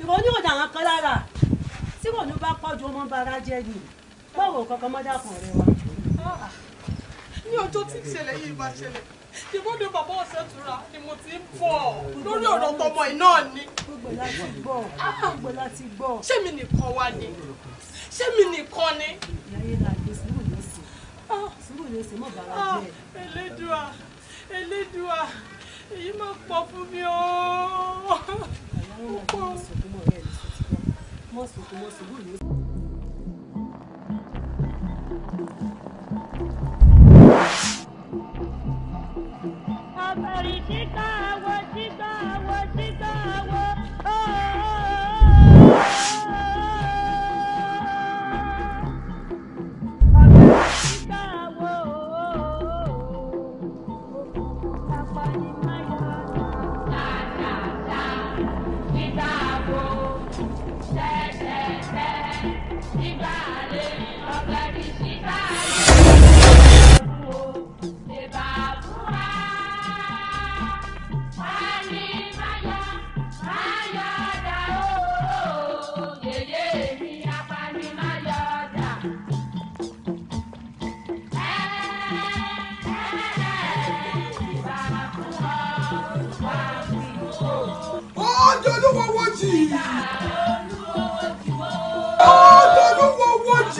ìrònú ò dàrán kan lára tí ronú bá pọ̀ ju ọmọ bara jẹ́ ni mọ́ ronú kankan mọ́ dàpọ̀ rẹ wa. Ah, ah ní ọjọ́ tí ìṣẹ̀lẹ̀ yìí máa ṣẹlẹ̀ ìbọdọ̀ bàbá ọ̀sẹ̀ tura ni mo ti ń bọ̀ lórí ọ̀rọ̀ tọmọ iná ni. gbogbo láti gbọ́ ah! gbogbo láti gbọ́. ṣé mi nìkan wá ni ṣé mi nìkan ni. ìyáyé la gbé sùúrù ló sì ah! sùúrù ló sì mọ̀ bàrà ah! jẹ́. elédùà elédùà èyí máa pọ̀ fún mi o. ìyáyé la gbé sùúrù ló sì mọ̀ sùúrù ló sì. 我知道，我知道，我知道。我。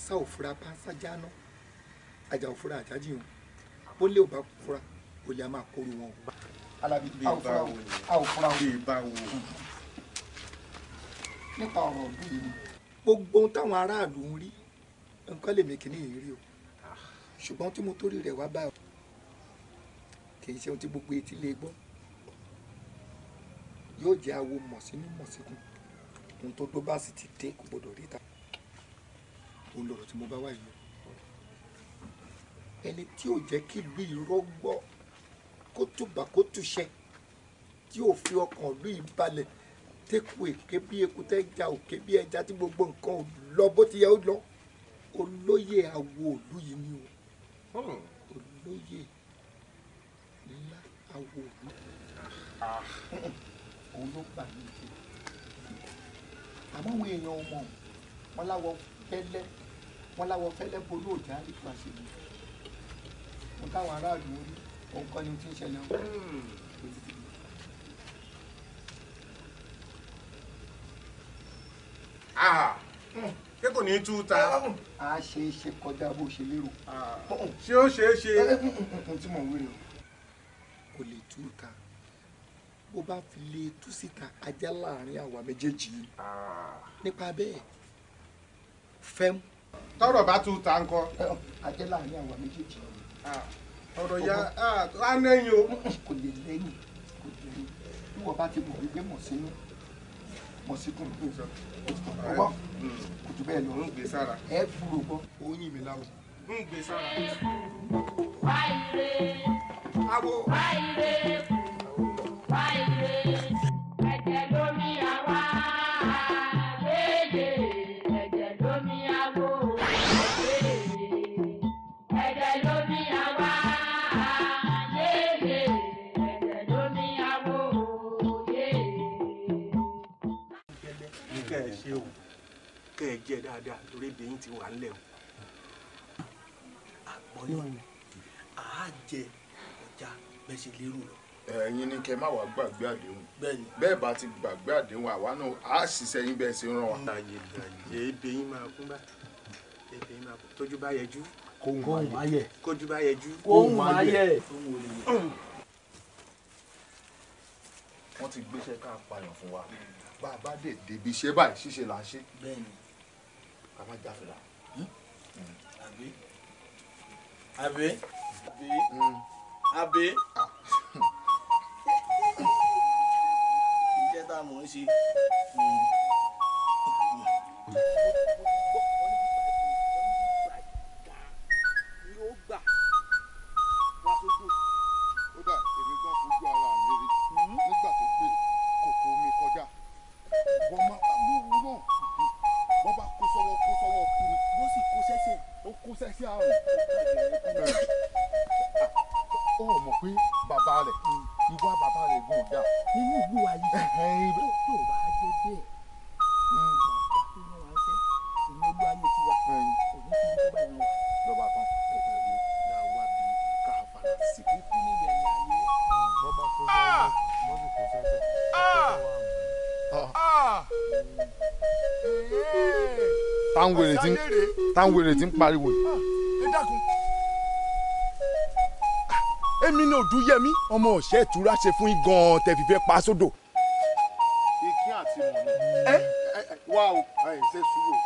pánsá òfura pánsá jáná ajá òfura àjájì wọn bó lé òbá fura kò lè máa kóru wọn. alábìbí ìbá wo a ò fura wọn. ìbá wo. nípa ọ̀rọ̀ ọ̀dún yìí ni gbogbo ohun táwọn aráàlú ń rí nǹkan lèmi kì í ní ìrírí o ṣùgbọ́n tí mo torí rẹ̀ wá bá kì í ṣe ohun tí gbogbo etí lè gbọ́ yóò jẹ́ awo mọ̀sínú mọ̀síkùn ohun tó gbó bá sì ti dé kò gbọdọ̀ ríta òun lọ̀rọ̀ tí mo bá wà yìí ẹni tí ò jẹ́ kí ìlú irọ́ gbọ́ kó túbà kó túṣẹ tí ò fi ọkàn ìlú yìí balẹ̀ tẹ́kù èké bí ekúté ja òké bí ẹja tí gbogbo nǹkan ò lọ bó ti yẹ ó lọ olóyè awo ìlú yìí ni o hmm. olóyè ńlá awo ìlú ah. òun ló gbà mí jẹ àmọ́ àwọn èèyàn ò wọn láwọ bẹ́lẹ́ wọn láwọn fẹ́lẹ́ polú òjá nípa ṣe ni wọn káwọn aráàlú orí òun kọ́ ni ti ń ṣẹlẹ̀ o. Ah, ṣé kò ní tú ta. a ṣe é ṣe kọjá bó ṣe lérò. Ah, ṣé ó ṣe é ṣe. ohun tí mò ń wí rè o kò lè tú ta bó bá fi lè tú síta ajá láàrin àwa méjèèjì ah. nípa bẹ́ẹ̀ fẹ́mu tọrọ bá tún ta nǹkan. ajẹ́ láàrin àwọn méjèèjì. Ah. ọ̀rọ̀ ya á lẹ́yìn ah, o. kò lè lẹ́yìn kò lè lẹ́yìn bí wọ́n bá ti mọ̀ wípé mọ̀ sínú mọ̀ sí kùn hmm. kò tún bẹ́ẹ̀ lọ. ń gbé sára. ẹ fúru bọ́. oyin mi láwọ. ń gbé sára. wáyé. awo. wáyé. wáyé. ẹ̀jẹ̀ lórí. kẹ́ ẹ jẹ́ dáadáa torí ebi yín ti wà ńlẹ̀ o. àpọ̀ ni àá jẹ ọjà bẹ́ẹ̀ ṣe lérò lọ. ẹ̀yin ni kẹ́ má wàá gbàgbé àdéhùn bẹ́ẹ̀ bá ti gbàgbé àdéhùn àwa náà á ṣiṣẹ́ yín bẹ́ẹ̀ ṣe ràn wá. àyè àyè ebi yín máa kún bá ebi yín máa kún tójú bá yẹjú kóhùn máa yẹ kójú bá yẹjú kóhùn máa yẹ mm. wọ́n ti gbéṣẹ́ ká payàn fún wa bá a bá dé débi ṣé báyìí ṣíṣe là ń ṣe. bẹ́ẹ̀ni ká má jáfẹ́ra. Hmm? àbí àbí àbí hmm. àbí iṣẹ́ tá a mọ̀ ń ṣe. Hmm. wèrè tí ń pariwo yìí. Ah, ẹ dákun ah, èmi ni òdú ọmọ ọ̀sẹ̀ ìtura ṣe fún yín gan pa sódò. ìkín àti mọ̀nà. wá o ẹ ṣe sùúrù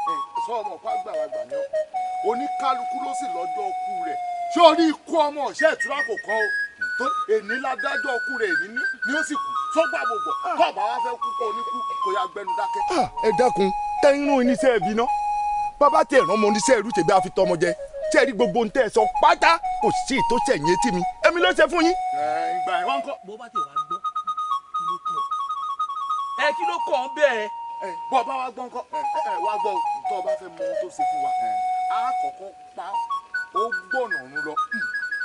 sọ ọmọ pa gbàlagbà ni ọ oníkálukú ló sì lọ́jọ́ ọkú rẹ̀ ṣé o ní ikú ọmọ ọ̀sẹ̀ ìtura kò kọ́ o tó èní ládájọ́ ọkú rẹ̀ èní ni ó sì kú sọ́gbà gbogbo kọ́ ah. ọ̀bá fẹ́ kú kó oníkú kó yá gbẹnu dákẹ́. ẹ dákun tẹ́yìn rún iníṣẹ́ ẹ̀bí náà bàbá tẹ ìran mo oníṣẹ́ irú tèmi àfi tọmọ jẹ tẹ ẹ rí gbogbo ohun tẹ ẹ sọ pátá kò sí tó sẹ̀yìn etí mi èmi ló ṣe fún yín. ẹ ìgbà ẹ wọn kọ. bó bá tẹ wá gbọ́ kí ló kọ̀ ẹ kí ló kọ̀ ọ́ bẹ́ẹ̀. bọ́ bá wa gbọ́ nǹkan ẹ wá gbọ́ tó o bá fẹ́ mọ ohun tó ṣe fún wa á kọ́kọ́ pa ó gbọ̀nà ọ̀run lọ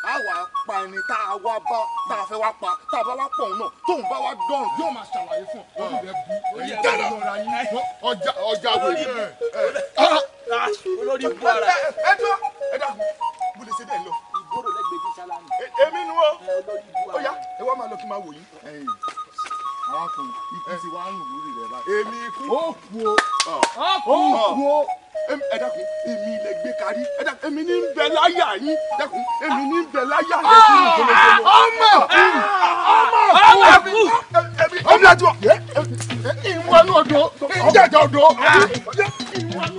a wà pa ẹni tá a wá bá tá a fẹ́ wá pa tá a bá wá pọ̀ náà tóun bá wá dọ̀rùn yóò máa ṣàlàyé fún ọ. ọjà ọjà wẹ̀ olórí bú ara. ẹ jọ ẹ dàgbọ́ mo lè ṣe bẹ́ẹ̀ lọ. ìgboro lẹ́gbẹ̀ẹ́ bíi sálámù. èmi nu o ó ẹ wá máa lọ kí n máa wò yín. arákùnrin ikú ti wá ń rùn lórí rẹ báyìí. èmi ikú. ó kú o ó kú o ẹ dákun èmi ilẹ̀ kárí ẹ dákun èmi ní bẹ láyà yín dákun èmi ní bẹ láyà yín fún ìgbòlógbòló. ọmọ ọmọ ọmọ ọmọ ọmọ ọmọ ìwọ ní odò ìjẹjọ odò ìwọ ní.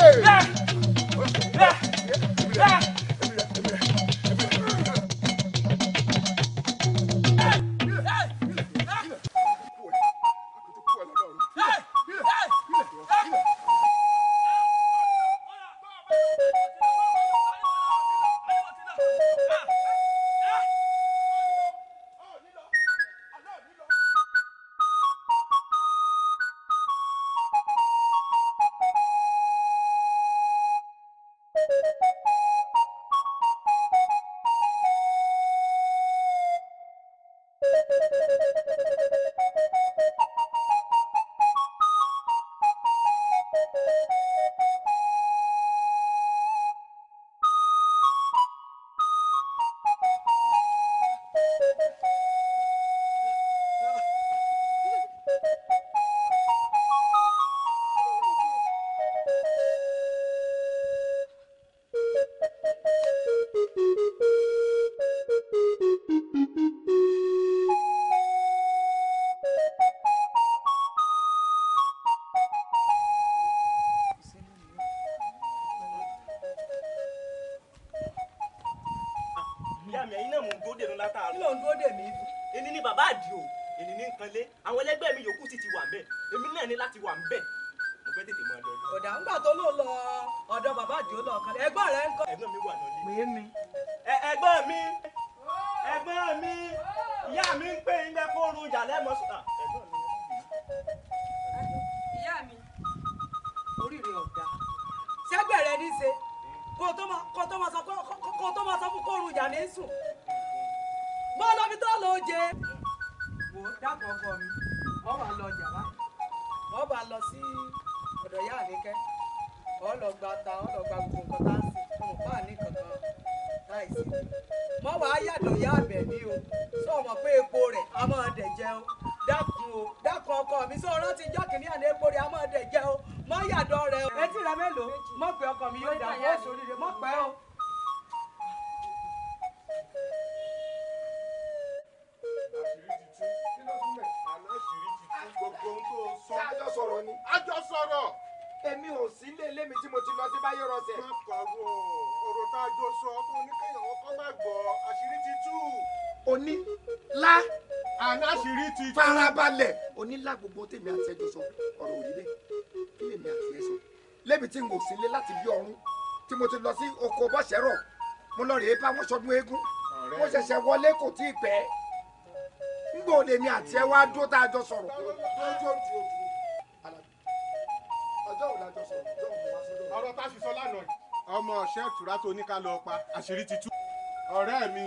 ti lọ sí oko bọ́sẹ̀rọ̀ mo lọ rèé bá wọn sọdún eégún mo ṣẹ̀ṣẹ̀ wọlé kò tí ì pẹ́ ngbò lèmi àti ẹ wá dúró tá a jọ sọ̀rọ̀. ọ̀rọ̀ tá a fi sọ lánàá ọmọ ọ̀ṣẹ́ ìtura tó ní ká lọ pa àṣírí ti tú ọ̀rẹ́ mi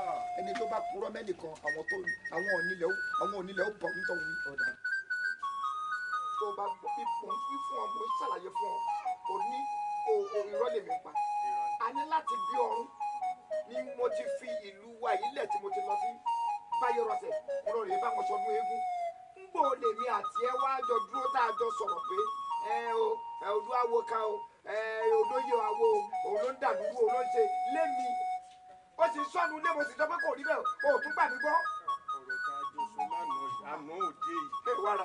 ah. ẹni tó bá purọ́ mẹ́nìkan àwọn tó àwọn onílẹ̀ àwọn onílẹ̀ ó bọ̀ nítorí ọ̀dà. tó o bá gbọ́ fífún ọmọ ìṣàlàyé fún ọ o ní irọ́ lè mi pa a ní láti bí ọrún ni mo ti fi ìlú wa ilẹ̀ tí mo ti lọ sí báyọ̀rọ̀sẹ̀ mo lọ rèé báwọn sọdún eégún ń gbò lèmi àti ẹ wá jọ dúró tá a jọ sọ̀rọ̀ pé ẹ o ẹ olú awo o ẹ olóyè awo mo sì sọ kò o tún gbà mí gbọ́. ọ̀rọ̀ tá a jọ sọ lánàá àmọ́ òde yìí. ẹ wá ra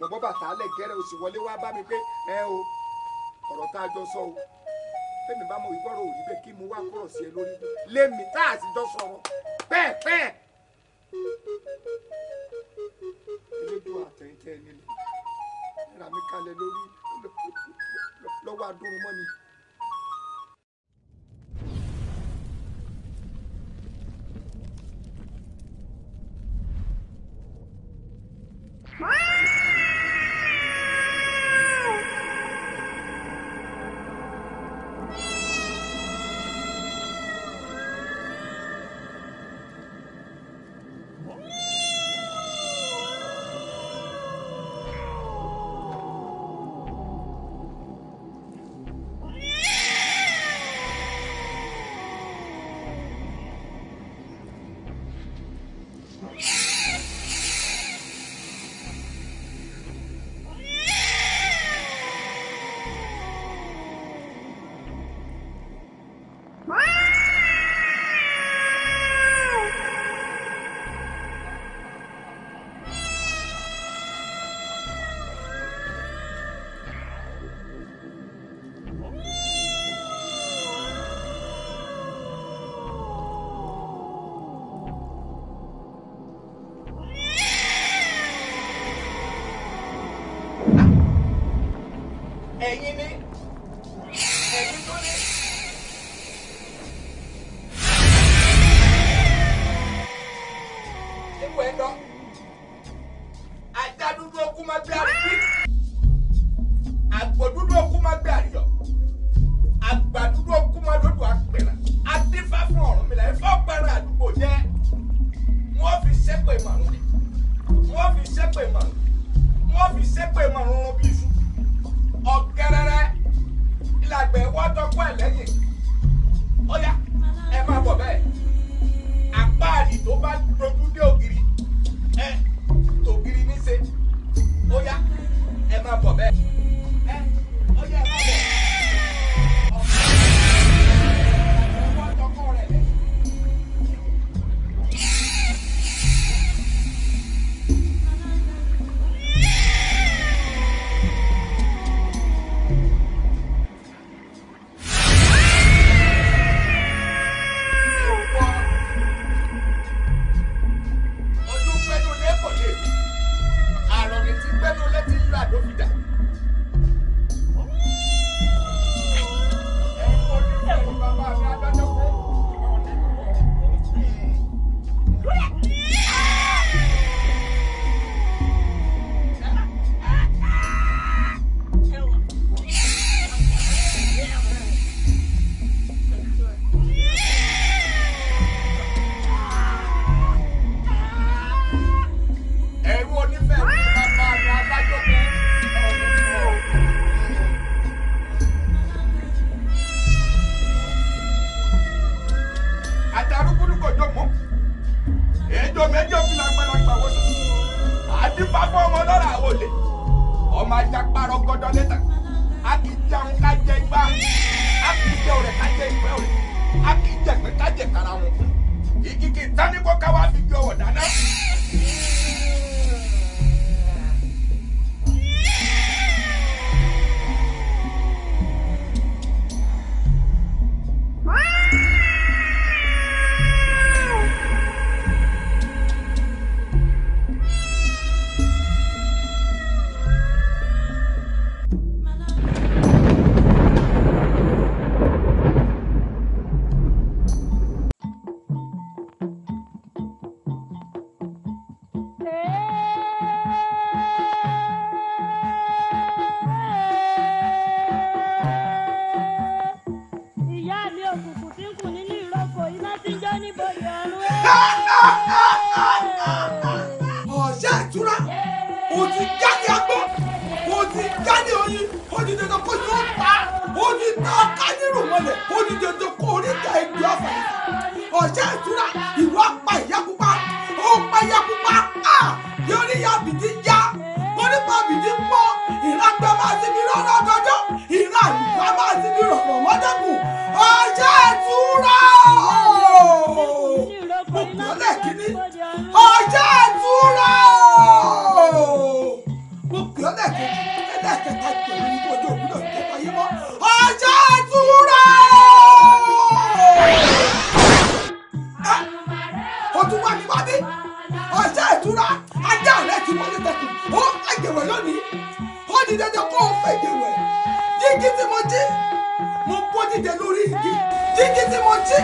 gbẹ̀gbọ́ bàtà lẹ̀ gẹ́rẹ́ o sì wọlé wá bá mi pé ẹ o ọ̀rọ̀ tá a jọ sọ o fẹ́mi bá mọ ìgbọ́rọ̀ òrí bẹ́ẹ̀ kí mo wá kúrò sí ẹ lórí lémi tá a sì jọ sọ̀rọ̀ bẹ́ẹ̀ bẹ́ẹ̀. elédò àtẹ̀yìntẹ́ ẹni lọ ẹ̀rà mi kalẹ̀ lórí lọ́wọ́ adúrún you know. àdúrà òkúlẹ̀ kìíní ọjọ́ àdúrà òkúlẹ̀ kìíní ẹlẹ́kẹta tòun ojú òkúlẹ̀ kẹta yìí mọ́ ọjọ́ àdúrà. jí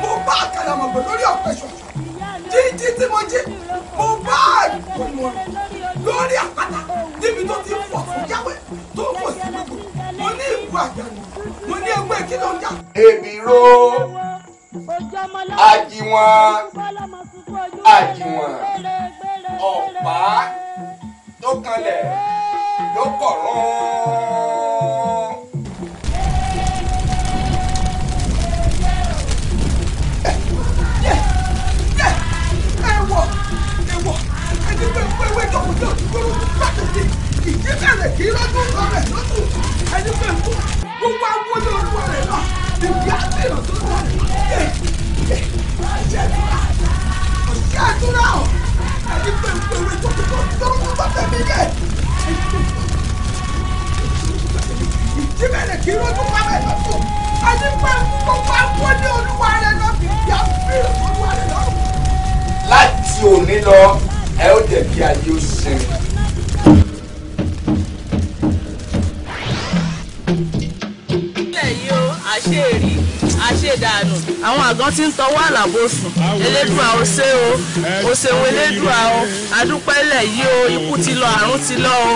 mo bá àkàlàmọ̀gbẹ̀ lórí ọ̀pẹ jíjí tí mo jí mo bá àgbọ̀mọ̀ lórí àpáta níbi tó ti fọ̀ fún tó fò sí gbogbo mo ní ìwú àjànù mo ní ewé kí èmi ro àjìwọ̀n àjìwọ̀n ọ̀pá tó kanlẹ̀ ló kọ̀ rán. ewé láti òní lọ ẹ ó dẹ̀ bí ayé ó sin. ilé yìí ó àṣé èrì àṣé dànù àwọn àgàn tí ń tọwọ́ àlàbò sùn elédùà ó ṣé o ó ṣeun elédùà o adúpẹ́ ilẹ̀ yìí o ikú ti lọ àrùn ti lọ o.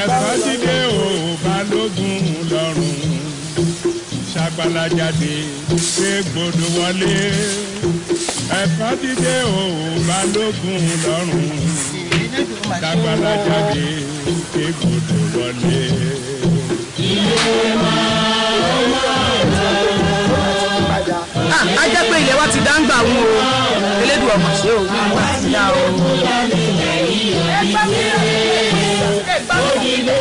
ẹ̀kọ́ ti dé o balógun lọ́rùn ṣàgbàlá jáde ṣé gbọdọ̀ wọlé ẹ̀fọ́ dídé òun balógun lọ́rùn tábàlà jáde kégbodò wọlé. ilé máa ń wá a jẹ́ pé ilẹ̀ wa ti dáńgbà wọn o elédùn ọmọ ṣe o ní ìwà ti dá o. Thank you.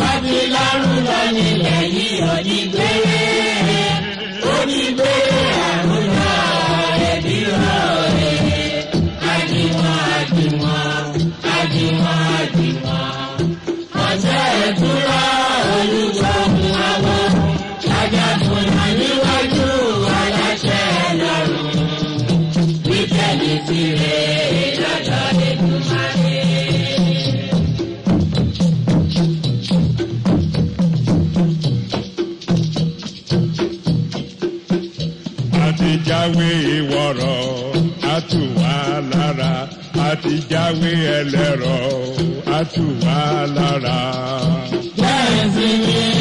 wájú lọ́rùn nílẹ̀ yìí ò ní gbére ò ní gbére. bá ti jáwé ẹlẹ́rọ á tù wá lára. bẹ́ẹ̀ sì ni.